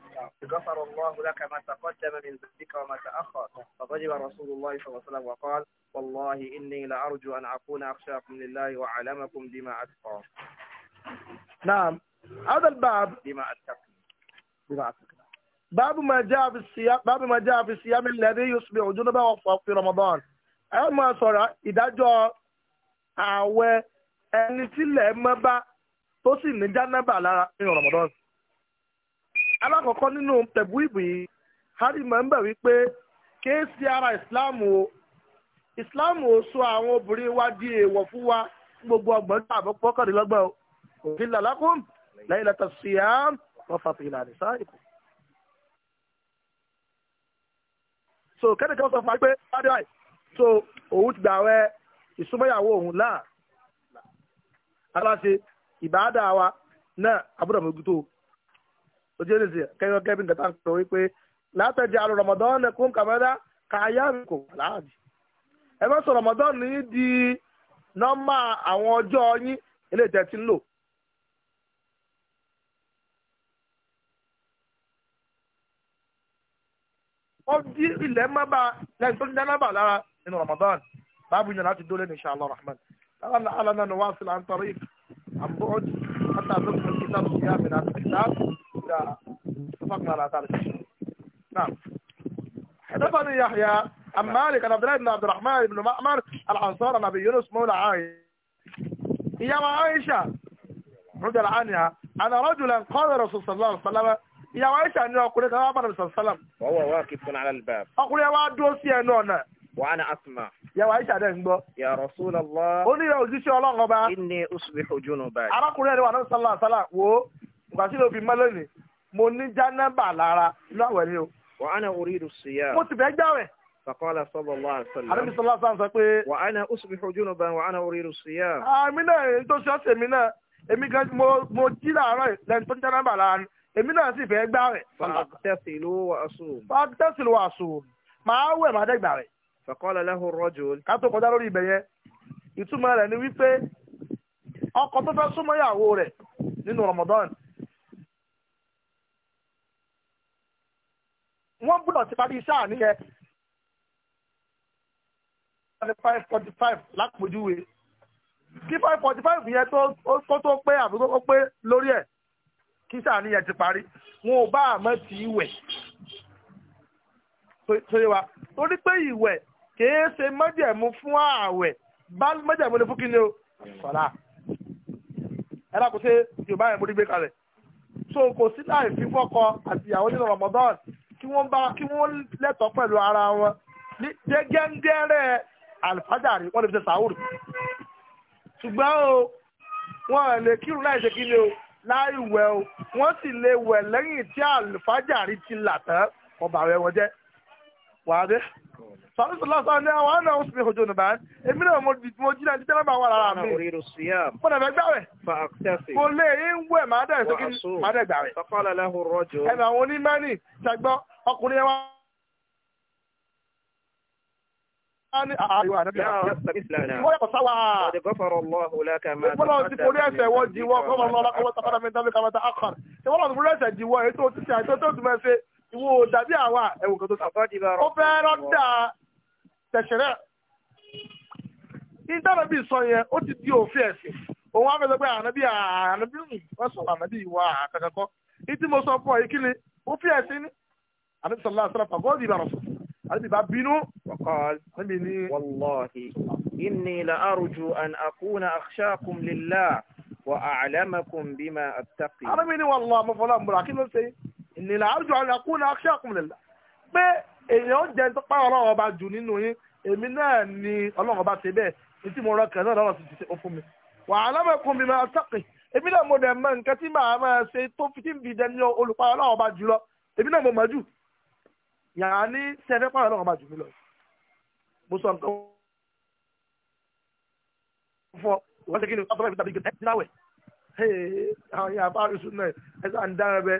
A: غفر الله لك ما تقدم من ذنبك وما تأخر فغضب رسول الله صلى الله عليه وسلم وقال والله إني لأرجو أن أكون أخشاكم لله وأعلمكم بما أتقى نعم هذا
B: الباب بما أتقى بما أتقى báàbù máa jẹ́ àfisíyá mi lẹ́dí yusuf ọjọ́ náà bá wọ́n fọ́ fi Ramadan ẹ máa sọ̀rọ̀ ìdájọ́ ààwẹ̀ ẹni tílẹ̀ mọ́ bá tó sì ní jánábà lára ní Ramadan. alákọ̀ọ́kọ́ nínú tẹ̀bú ìbò yìí harry member wípé kéèsì ara Islam o Islam ò sọ àwọn obìnrin wa di èèwọ̀ fún wa gbogbo ọgbọ̀n tó àbọ̀ pọ́kànlélọ́gbọ̀n òfin làlákùn lẹ́yìn lẹ́tọ̀ síyá wọ́n fàtìlà nìsáyìkù. so kẹ́ni kan sọ fún wa pé so òun ti gbà wẹ ìsúnmọ́yàwó òun láà aláṣẹ ìbáàdà wa náà àbúrò mọ́gútó ojú ẹni sì kẹ́yọ́ kẹ́bí nǹkan tá ń sọ wípé látẹ̀jẹ́ àrùn Ramadan ní kún kàmẹ́dá káyà kò sọ Ramadan ní di nọ́mbà àwọn ọjọ́ yín eléyìí tẹ̀ ti ọdí ilẹ̀ má bá lẹ́yìn tó ní dáná bá lára nínú Ramadan báàbù yìí láti dólé ní inshallah rahman alána alána ni wàásù là ń tọrí àbúròjì àtàtà tó ń kíta tó yá mi náà kíta ìdá sọfàkùn àlà àtàlẹ. نعم حدثني يحيى عن مالك عن عبد الله بن عبد الرحمن بن معمر الانصار عن ابي يونس مولى عائشه يا عائشه رضي الله عنها انا رجلا قال رسول الله صلى الله عليه وسلم ìyàwó aisha ní ọkùnrin kan wá bá nàbì sàlám. wọ́n wọ̀ wá kí fún alẹ́ bẹ́ẹ̀. ọkùnrin yẹn wá dúró sí ẹnu ọ̀nà. wà á ní asma. ìyàwó aisha dẹ̀ ń gbọ́. ya Rasulullah. ó ní ìyàwó òjíṣẹ́ ọlọ́run ọba. inni usbihu junuban. arákùnrin yẹn ni wà á ní sàlám sàlám wo ìgbà tí lóbi mọ́lẹ́ ni mo ní jánábà lára láwẹ̀ ni o. wà á ní uridu siyam. mo ti fẹ́ gbàwẹ̀. فقال صلى الله عليه وسلم عليه الصلاة والسلام وأنا جنبا وأنا أريد الصيام آمين أنت شاس أمين أمي قد مو مو جيل عراي لأن تنتنا بلان èmi náà sì fẹ́ gbá rẹ̀. fàtẹ́sìlú wàásù. fàtẹ́sìlú wàásù máa wẹ̀ máa dẹ́gbà rẹ̀. faqala lahu rajul. ká tó kọjá lórí ibẹ̀ yẹn ìtumọ̀ rẹ̀ ni wípé ọkọ tó fẹ́ súnmọ́ ìyàwó rẹ̀ nínú Ramadan. wọ́n gbọ́dọ̀ ti parí iṣẹ́ àníyẹ. five forty five lápòjúwe kí five forty five yẹn tó tó pé àbúkọ́ pé lórí ẹ̀ kí sàníyàn ti parí wọn ò bá àmọ́ ti ìwẹ̀ sóyè wa torí pé ìwẹ̀ kìí ṣe mọ́jẹ̀mú fún ààwẹ̀ bá mọ́jẹ̀mú ni fún kí ni o sọ̀rọ̀ ẹ dákun ṣe yorùbá yẹn mo rí gbé kalẹ̀ so kò sí láì fi fọ́kọ àtìyàwó nínú Ramadan kí wọ́n bá kí wọ́n lẹ́tọ̀ọ́ pẹ̀lú ara wọn ní gẹ́gẹ́rẹ́ àlùfájàrí wọ́n lè fi ṣe sàúrù ṣùgbọ́n o wọ́n lè kírun láì ṣe kí ni o láì o wọ́n sì lè wẹ̀ lẹ́yìn tí àlùfájàrí ti là tán ọba rẹ̀ wọ́n jẹ́ wàdé sọ́lọ́sọ́ ní àwọn ọ̀nà oṣù méjì òjò nìbá èmi náà mo jí náà títẹ́ lọ́bàá wà lára mi mo dẹ̀
A: fẹ́ gbàwẹ̀ mo
B: lè ń wẹ̀ má dẹ̀ sókè má dẹ̀ gbàwẹ̀ ẹ̀mà àwọn onímọ̀ ní ṣàgbọ́ ọkùnrin wa قد غفر الله لك ما تقدم ìwò dàbí àwa ẹ̀wù kan tó sọ. ó fẹ́ rọ́dà tẹ̀sẹ̀rẹ̀. ìtànà bíi sọ yẹn ó ti di òfin ẹ̀sìn. òun á fẹsẹ̀ pé ànábì ànábì ń wọ́n sọ̀rọ̀ ànábì ìwà àkàkọ́. ìtí mo sọ fún ọ yìí kí ni ó fi ẹ̀sìn ní. ànábì sọ̀rọ̀ láti sọ̀rọ̀ pàgọ́ ìdìbò àròsọ̀ àti bá bínú wọ́kọ́l níbi ní. wàlláhi inni la arju an akuna akhshakum lillah wa a'lamakum bima attaqi. arábìnrin ni wàllá mọ̀fọ́lá múra kí ló ṣe inni la arju an akuna akhshakum lillah pé èèyàn jẹ́ tó pa ọlọ́run ọba jù nínú yín èmi náà ni ọlọ́run ọba ṣe bẹ́ẹ̀ ní tí mo rọ kẹ̀ náà lọ́rọ̀ ti ṣe fún mi. wa a'lamakum bima attaqi èmi náà mo dẹ̀ mọ nǹkan màá máa ṣe tó fi ń fi dẹni olùpá ọlọ́run ọba jù lọ èmi náà mo mọ̀ jù yàrá ní sẹ́fẹ́ pààrọ̀ náà wọ́n máa jù mí lọ mo sọ nǹkan fọ ìwọ́n ṣe kí ni wọ́n tọ́lá ìfitàbí gẹ̀ẹ́tì láwẹ̀ àwọn yàrá bá rí sùn náà ẹ sáà ń dára bẹ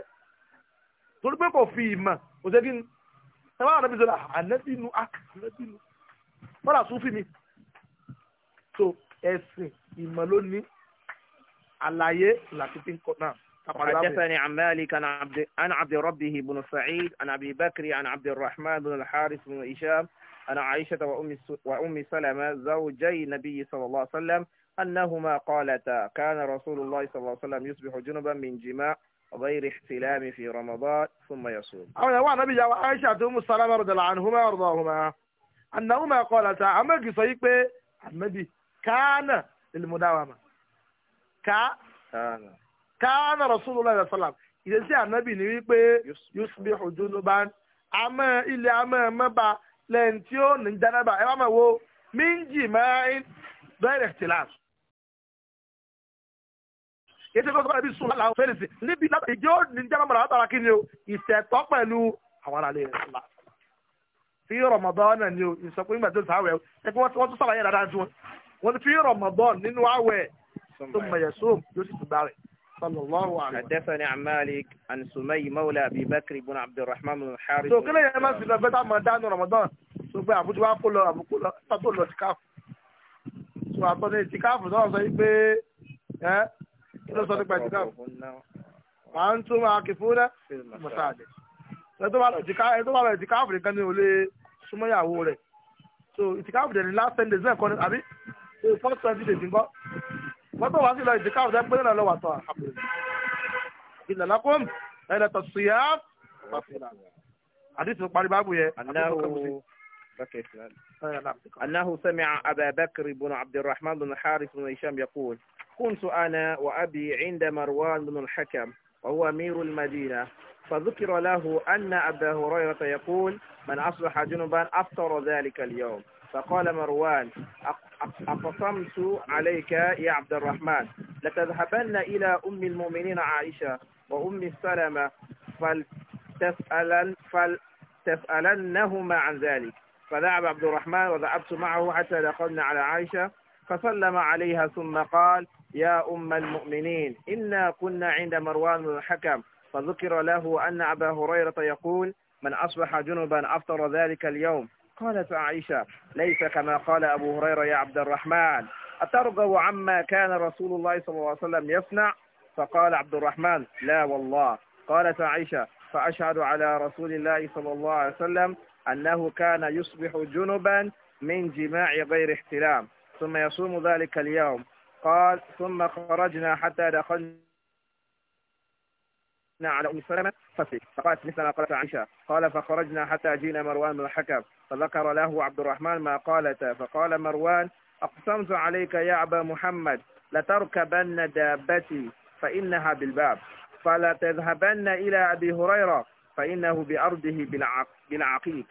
B: torí pé kò fi ìmọ̀ kò ṣe kí ni ẹ bá wà níbi sọlá ànẹ́bínú ànẹ́bínú wọ́n rà sún fún mi so ẹ̀sìn ìmọ̀ ló ní àlàyé làtìtì ń kọ náà. حدثني
A: عن مالك عن عبد عن عبد ربه بن سعيد عن ابي بكر عن عبد الرحمن بن الحارث بن هشام عن عائشه وام وام سلمه زوجي النبي صلى الله عليه وسلم انهما قالتا كان رسول الله صلى الله عليه وسلم يصبح جنبا من جماع غير احتلام في رمضان ثم يصوم.
B: أولا وعن ابي عائشه أم سلمة رضي الله عنهما وارضاهما أنهما قالتا أما قصيك به النبي كان المداومة كان káánà rasulullah sallallahu alaihi wasallam ìdẹ́sí ànábì ni wípé yusbihu junuban àmọ́ ilé àmọ́ mẹ́ba lẹ́yìn tí ó ní jánábà ẹ bá mọ̀ wo minji mẹ́rin bẹ́ẹ̀rẹ̀ tìlás. ètò ìkọ́sọ́ bá rẹ̀ bí sùn lára àwọn fèrèsé níbi lábẹ́ ìjọ ní jánábà látara kí ni o ìṣẹ̀tọ́ pẹ̀lú àwọn aráàlú rẹ̀ sùn lára. fi Ramadan náà ni o ìsọkùnrin gbàdúrà sáwẹ̀ ẹ kí wọ́n tún sàlàyé dáadáa sí wọn. fi Ramadan nínú àwẹ̀ tó mọ̀ yẹ̀ حدثني
A: عن مالك عن سمي مولى ابي بكر بن عبد الرحمن بن الحارث سو كلا يا مالك
B: لو بدا رمضان رمضان سو بي ابو جوا كو لو ابو كو لو تاتو لو تكاف سو ابو ني تكاف دو سو بي ها
A: كلا سو تكاف تكاف
B: وانتم عاكفون في المساجد ẹtọ́ bá lọ ìtìkáàfù nìkan ni ò lè súnmọ́ ìyàwó rẹ̀ so ìtìkáàfù dẹ̀ ní last ten days náà kọ́ ni àbí first twenty days nǹkan
A: أنه سمع أبا بكر بن عبد الرحمن بن حارث بن هشام يقول كنت أنا وأبي عند مروان بن الحكم وهو أمير المدينة فذكر له أن أبا هريرة يقول من أصبح جنبا أفطر ذلك اليوم فقال مروان أقسمت عليك يا عبد الرحمن لتذهبن إلى أم المؤمنين عائشة وأم السلمة فلتسألن فلتسألنهما عن ذلك فذهب عبد الرحمن وذهبت معه حتى دخلنا على عائشة فسلم عليها ثم قال يا أم المؤمنين إنا كنا عند مروان بن الحكم فذكر له أن أبا هريرة يقول من أصبح جنبا أفطر ذلك اليوم قالت عائشة ليس كما قال أبو هريرة يا عبد الرحمن أترجو عما كان رسول الله صلى الله عليه وسلم يصنع فقال عبد الرحمن لا والله قالت عائشة فأشهد على رسول الله صلى الله عليه وسلم أنه كان يصبح جنبا من جماع غير احتلام ثم يصوم ذلك اليوم قال ثم خرجنا حتى دخلنا على أم سلمة فقالت مثل ما قالت عائشة قال فخرجنا حتى جينا مروان بن الحكم فذكر له عبد الرحمن ما قالت فقال مروان أقسمت عليك يا أبا محمد لتركبن دابتي فإنها بالباب فلا تذهبن إلى أبي هريرة فإنه بأرضه بالعقيق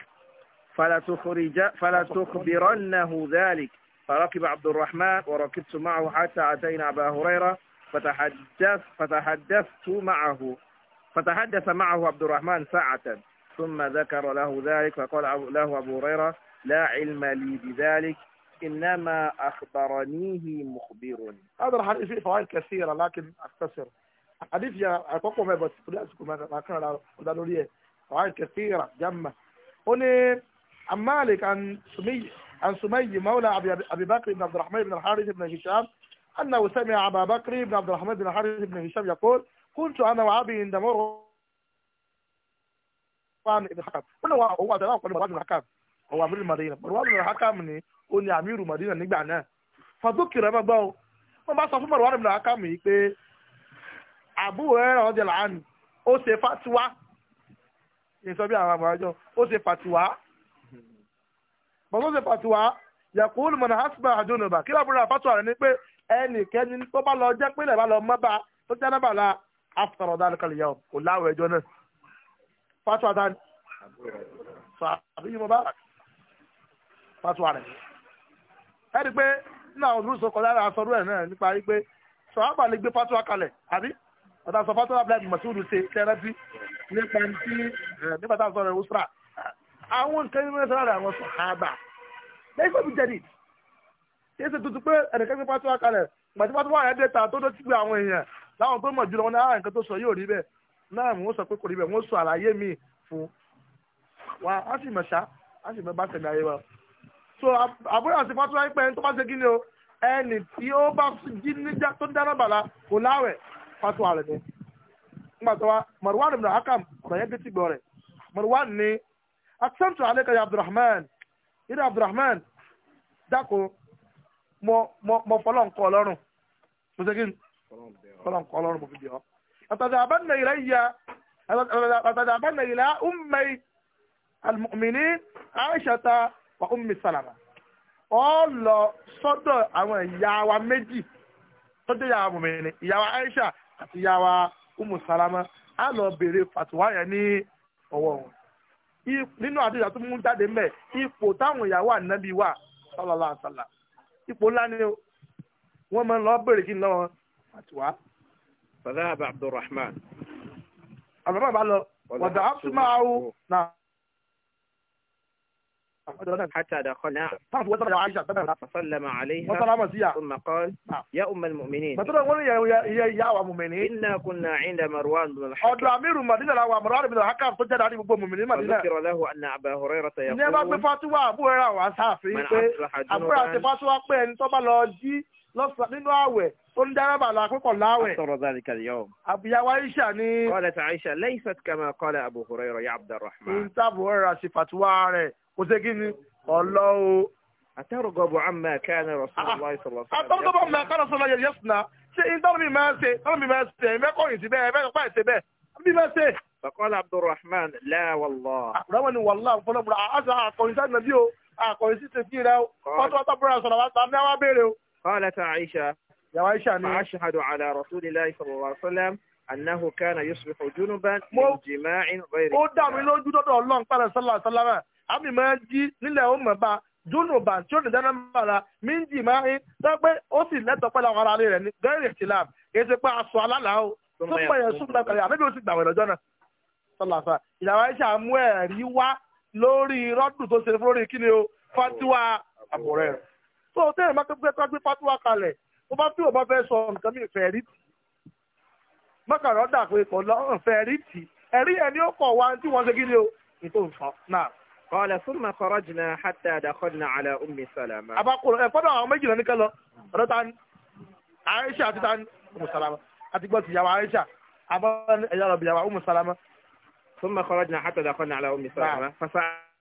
A: فلا, تخرج فلا تخبرنه ذلك فركب عبد الرحمن وركبت معه حتى أتينا أبا هريرة فتحدث فتحدثت معه فتحدث معه عبد الرحمن ساعة ثم ذكر له ذلك فقال له أبو هريرة لا علم لي بذلك إنما
B: أخبرنيه
A: مخبر
B: هذا الحديث فيه فوائد كثيرة لكن أختصر حديث يا أقوى ما بس ما كان قالوا فوائد كثيرة جمة هنا عن مالك عن سمي عن سمي مولى أبي, أبي بكر بن عبد الرحمن بن الحارث بن هشام أنه سمع أبا بكر بن عبد الرحمن بن الحارث بن هشام يقول كنت أنا وأبي عند مرة marwan ibn hakam wannan wa òun àtàwọn àpọ̀lọ̀ marwan ibn hakam ọ̀wọ̀ àmìrì madina marwan ibn hakam ni ó ní àmìrì madina nígbà náà fàdókì rẹ̀ máa gbọ́ o wọ́n bá sọ fún marwan ibn hakam yìí pé àbúrò ẹ̀rọ ọ̀jẹ̀ làánì ó ṣe fatiwa ìsọ bí àwọn àmàjọ ó ṣe fatiwa bọ́sọ̀ ṣe fatiwa yakul mọ̀nà hasba àjọyọ̀nà kí lábúrò àfàtúwà rẹ̀ ni pé ẹnikẹ́ni tó bá lọ jẹ́ pé lè bá lọ mọ́ tó jẹ́ náà bá la after ọ̀dà àlùkàlù yà ó láwọ̀ ẹjọ́ náà fatuwa ta ni sàbí yìí mo bá fatuwa rẹ̀ ẹ rí i pé nínú àwọn olùsọ kọjá rẹ̀ aṣọ rẹ̀ náà nípa rí i pé sọ̀rọ̀ lè gbé fatuwa kalẹ̀ àbí ọ̀tà sọ fatuwa abúlé mọ̀síwòdù ṣe tẹ́rẹ́tì nípa ti nípa tá a sọ rẹ̀ usra àwọn nǹkan ní mẹ́rin sọ́ra rẹ̀ àwọn sọ̀hábà lẹ́yìn tó fi jẹ̀dì kí ṣe tuntun pé ẹnìkan gbé fatuwa kalẹ̀ gbàtí fatuwa rẹ̀ dé ta tó tó ti gbé àwọn èèyàn láwọn pé mọ̀ jùlọ wọn ní àwọn ah, nǹkan tó sọ yóò rí náà wọ́n sọ pé kò rí bẹ́ẹ̀ wọ́n sọ àlàyé mi fún wa á sì mọ̀ ṣá á sì mọ̀ bá tẹ̀lé ayé wa. so àbúrò àti fatuwa pẹ́ tó bá ṣe kí ni o ẹni tí ó bá jí níjà tó dáná bàlá kò láwẹ̀ fatuwa rẹ̀ ni. nígbà tó wa Marwan ibn Hakam ọ̀rọ̀ yẹn tẹ́tí gbọ́ rẹ̀ Marwan ni aksantu alayka ya Abdulrahman ya Abdulrahman dáko mọ mọ mọ fọlọ́nkọ ọlọ́run mo ṣe kí ni fọlọ́nkọ ọlọ́run mo fi bì ọ́. أتذهبن إلي أتذهبن إلى أمي المؤمنين عائشة وأم سلمة ó lọ sọ́dọ̀ àwọn ìyá wa méjì tó jẹ́ ìyá wa mùmìnì ìyá wa Aisha àti ìyá wa Umu Salama á lọ béèrè fàtúwá yẹn ní ọwọ́ wọn nínú àdéhùn tó mú jáde mẹ́ ipò táwọn ìyàwó ànábì wà sallallahu alaihi wasallam ipò ńlá ni wọ́n máa ń lọ béèrè kí n lọ́wọ́ fàtúwá فذهب عبد الرحمن عبد الرحمن ودعبت وذهبت معه نعم حتى دخلنا فسلم عليها ثم قال يا أم المؤمنين إنا كنا عند مروان بن الحكم وذكر له أن أبا هريرة يقول من أصلح جنوبا lọ́sàn nínú àwẹ̀ ó ń dáraba la pé kọ̀ láwẹ̀. sọ̀rọ̀ dáadé kàlẹ́ yọ. àbíyáwó aisha ni. kọ́lẹ̀ tí aisha laysat kama kọ́lẹ̀ Abu Hurayra ya Abdurrahman. n ta bò ra sí fatuwa rẹ̀ kò sé kí ni ọ̀lọ́ o. àtẹrùgọ̀bù àmà kánà Rasulullahi sallallahu alaihi wasallam. àtẹrùgọ̀bù àmà kánà sọ̀rọ̀ yẹ yẹ́sùnà ṣé ìtọ́nùmí máa ń بما سيه فقال عبد الرحمن لا والله رواني والله فلو برا أسعى قويسان نبيو أقويسي تفكيره فتوى تبرا صلوات بامنا وابيره
A: قالت عائشة فأشهد على رسول الله صلى الله عليه وسلم أنه
B: كان يصبح جنبا من جماع غير ó dá mi lójú dọ́dọ̀ Ọlọ́run pàdé sọ́lá sọ́lámà àmì máa ń jí nílẹ̀ ó mọ̀ bá júnùbà tí ó ní dáná mọ́ra mí ń jì máa ń sọ pé ó sì lẹ́tọ̀ọ́ pẹ̀lú àwọn ará rẹ̀ ní gẹ́rì ìtìlá èsì pé aṣọ alálàá o tó pẹ̀ yẹn sùn lẹ́kọ̀ọ́ yà mẹ́bí ó sì gbàwẹ̀ lọ́jọ́ náà sọ́lá sọ́lá ìyàwó Aisha mú ẹ̀rí wá lórí rọ́dù tó ṣe fún lórí kíni o fatuwa àbúrẹ́ rẹ̀ tó o tẹ́lẹ̀ máa gbé ká gbé pátíwá kalẹ̀ tó bá tí o bá fẹ́ sọ nǹkan mi fẹ́ rí tì mọ́kànlá dà pé kò lọ́rùn fẹ́ rí tì ẹ̀rí ẹni ó kọ̀ wá tí wọ́n ṣe kí ni o ètò nǹkan náà.
A: قال ثم خرجنا حتى دخلنا على
B: أم سلمة أبا قول فضع عمي جلني كلا رتان عائشة تتان
A: أم سلمة أتقبل تجاو عائشة أبا يا رب يا أم سلمة ثم خرجنا حتى دخلنا على أم سلمة فسأل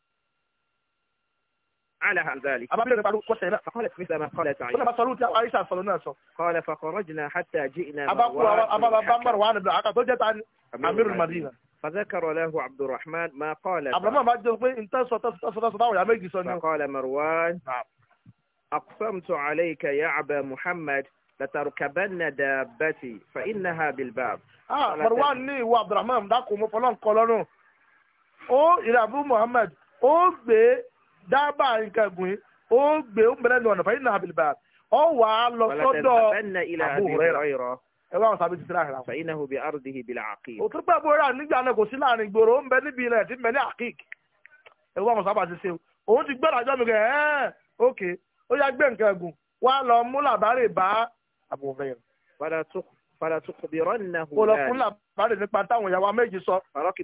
A: على ذلك أما بلغ قالوا كوسينا فقالت مثل ما قالت عائشة لما صلوت يا عائشة صلونا قال فخرجنا حتى جئنا أبا أبا أبا مروان بن الحكم وجدت عن أمير المدينة فذكر له عبد الرحمن ما قال عبد الرحمن بعد انت فقال مروان نعم. أقسمت عليك يا عبا محمد لتركبن دابتي فإنها بالباب
B: آه مروان لي وعبد الرحمن داكو مفلان قولانو أو إلى أبو محمد أو بي dábàá nǹkan ẹ̀gùn ó gbé ó mẹ́rẹ́ ní ọ̀nà fàyín náà àbílẹ̀ báyìí ọ wà á lọ sọ́dọ̀ àbúrò ẹ wá sábẹ́ ti síláàrà. fàyín náà bí ardihi bil aqiq. òtún pẹ́ bóra nígbà náà kò sí láàrin gbòòrò ń bẹ níbi ilẹ̀ tí mẹ́lẹ́ àkík ẹ wá wọn sábà ti ṣe òun ti gbẹ́rọ àjọ mi kẹ́ ẹ́ ok ó yá gbé nǹkan ẹ̀gùn wá lọ mú làbárè bá àbúrò rẹ̀. padà tó kò bí rọ́ọ̀nù náà kò lọ fún làbárè nípa táwọn ìyàwó méjì sọ. rọ́ọ̀kì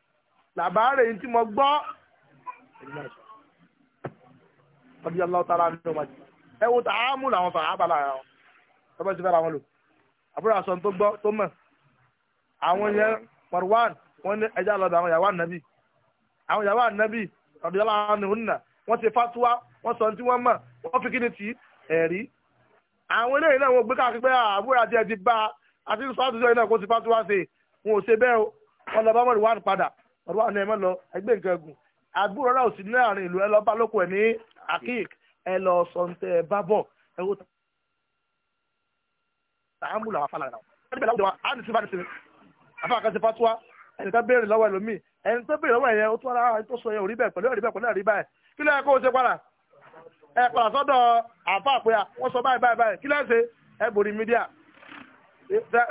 B: làbáàrè ní tí mo gbọ́ ọdí aláwọ̀ tààrà ní ọmọ jù ẹ wo tàá mú làwọn sàn ábàlà ara wọn tọ́bẹ̀ ti fẹ́ ra wọn lò àbúrò àṣọ tó gbọ́ tó mọ̀ àwọn yẹn Marwan wọn ní ẹja lọ́dọ̀ àwọn yàwó ànábì àwọn yàwó ànábì ọdí aláwọ̀ ní òun nà wọ́n ti fatuwa wọ́n sọ tí wọ́n mọ̀ wọ́n fi kíni tì ẹ̀rí àwọn eléyìí náà wọ́n gbé káàkiri pé àbúrò àti ẹ̀ ti bá àti sọ́ọ̀tù ọ̀rọ̀ àwọn ẹ̀mọ́ lọ ẹgbẹ́ nǹkan gùn àgbúrò rẹ̀ òsì láàrin ìlú ẹ lóko ẹ̀ ní akik ẹ lọ sọ̀ǹtẹ̀ ẹ bá bọ̀ ẹ wò tààmùlà wà fàlànà wọn níbẹ̀ láwùjọ wa á ní sinmi á ní sinmi àfa àkànṣe fatuwa ẹnìkan béèrè lọ́wọ́ ẹlòmíì ẹni tó béèrè lọ́wọ́ ẹ̀yẹ ó tún ara ẹni tó sọ yẹn ò rí bẹ́ẹ̀ pẹ̀lú ẹ̀rí bẹ́ẹ̀ pẹ̀lú ẹ̀rí báyìí kí ló yẹ kó o ṣe padà ẹ padà sọ́dọ̀ àfa àpè wọ́n sọ báyìí báyìí báyìí kí ló ẹ borí mídíà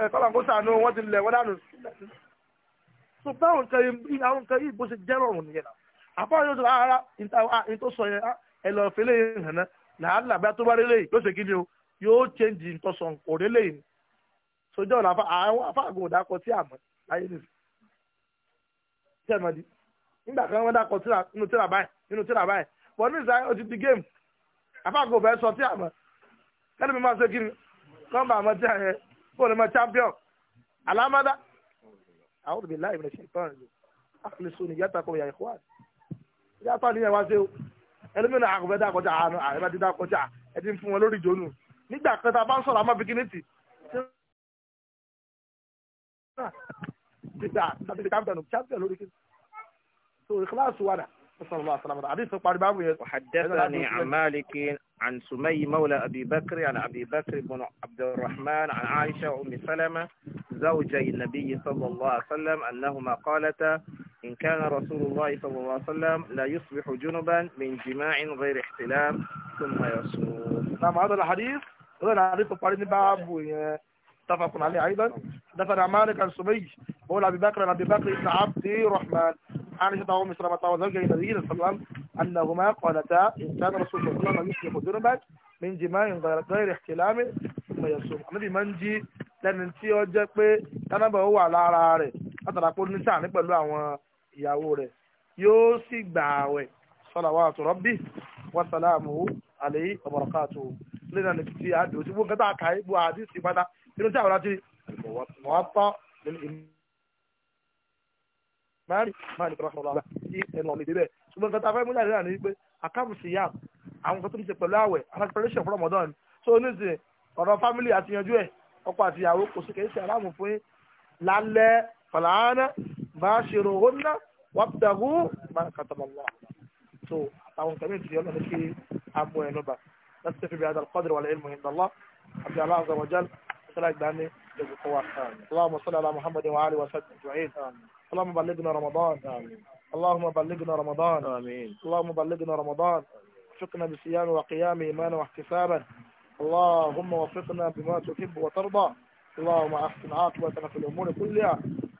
B: ẹ kọ́lá ń kó sànú wọ́n ti lẹ̀ wọ́n dànù so báwọn nǹkan yìí àwọn nǹkan yìí bó ṣe jẹ́ rọrùn nìyẹn náà àbáwọn yóò sọ ara ní tó sọ yẹn ẹ lọ fẹlẹ yẹn hàn làálà bí a tó bá rí yóò ṣe kí ni o yóò change ntọ́sán kò rí léyìí ni sojọ́ ọ̀la àwọn afáàgùn òdàkọ sí àmọ́ láyé nìyí di nígbà kan dàkọ nínú tíra báyìí nínú tíra báyìí ní di géèmù afáàgùn mọ champion alámádá àwọn òbí láì rẹ̀ ṣe ìtàn rẹ̀ àkìlẹ̀sọ ni yàtà kọ̀ yàrá ìkọ́wà yàtà ni yàrá ṣe o ẹlẹ́mìnà àkọ́fẹ́ dàkọjá àánú àrẹ́bá dídá kọjá ẹ ti ń fún wọn lórí ìjónú nígbà kan tá a bá ń sọ̀rọ̀ àmọ́ fikiniti so ìkíláàsì wà dà. sọ̀rọ̀
A: àti ìsọ̀parí báwo yẹn. عن سمي مولى أبي بكر عن أبي بكر بن عبد الرحمن عن عائشة أم سلمة زوجي النبي صلى الله عليه وسلم أنهما قالتا إن كان رسول الله صلى الله عليه وسلم لا يصبح جنبا من جماع غير احتلام ثم يصوم نعم هذا الحديث
B: هذا الحديث الطريق باب اتفق عليه أيضا دفن مالك عن سمي مولى أبي بكر عن أبي بكر بن عبد الرحمن عائشة أم سلمة زوجي النبي صلى الله عليه وسلم أنهما قالتا إن كان رسول الله صلى الله عليه وسلم يسلك ذنبا من جماع غير احتلام ثم يصوم àmì ìmọ̀njì lẹ́ni tí ó jẹ́ pé tánábà ó wà lára rẹ̀ látara pé ó ní sàánì pẹ̀lú àwọn ìyàwó rẹ̀ yóò sì gbà àwẹ̀ salawatu rabbi wa salamuhu alayhi wa barakatuhu lẹ́nà ní ti àdó tí wọ́n kẹta àkàyè bu àdìsí padà nínú tí àwọn àti mọ̀wá tán nínú ìlú mari mari rahman rahman tí ẹnu ọ̀nà ìdíbẹ̀ ṣùgbọ́n nǹkan tá a fẹ́ múlẹ̀ rẹ̀ ni pé àkàbù sí yam àwọn nǹkan tó ń ṣe pẹ̀lú àwẹ̀ àwọn preparation for Ramadan so oníṣẹ́ ọ̀rọ̀ family àti yanjú ẹ̀ ọkọ àti ìyàwó kò sí kèéṣe aláàmù fún yín lálẹ́ fàlàánà bá ṣe rò ó ná wàbdàgù má kàtàmọ̀ wà so àtàwọn nǹkan mìíràn ti yọ lọ́dọ̀ kí a mú ẹnu bá láti fi qadr wal ilmu inda Allah àti Allah azza wa jal sọ́lá ìgbà ní ẹ̀gbọ́n wa. Allahumma salli ala Muhammad اللهم بلغنا رمضان آمين. اللهم بلغنا رمضان آمين. اللهم بلغنا رمضان وفقنا بصيام وقيام إيمانا واحتسابا اللهم وفقنا بما تحب وترضى اللهم أحسن عاقبتنا في الأمور كلها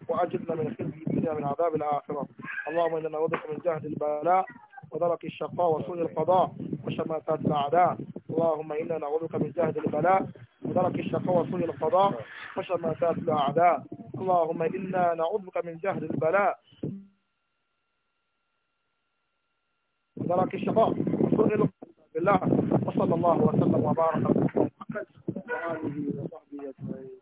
B: وأجرنا من خزي الدنيا من عذاب الآخرة اللهم إنا نعوذك من جهد البلاء ودرك الشقاء وسوء القضاء وشماتات الأعداء اللهم إنا نعوذك من جهد البلاء ودرك الشقاء وسوء القضاء وشماتات الأعداء اللهم إنا نعوذ بك من جهل البلاء ودرك الشقاء وسوء بالله وصلى الله وسلم وبارك على محمد وصحبه أجمعين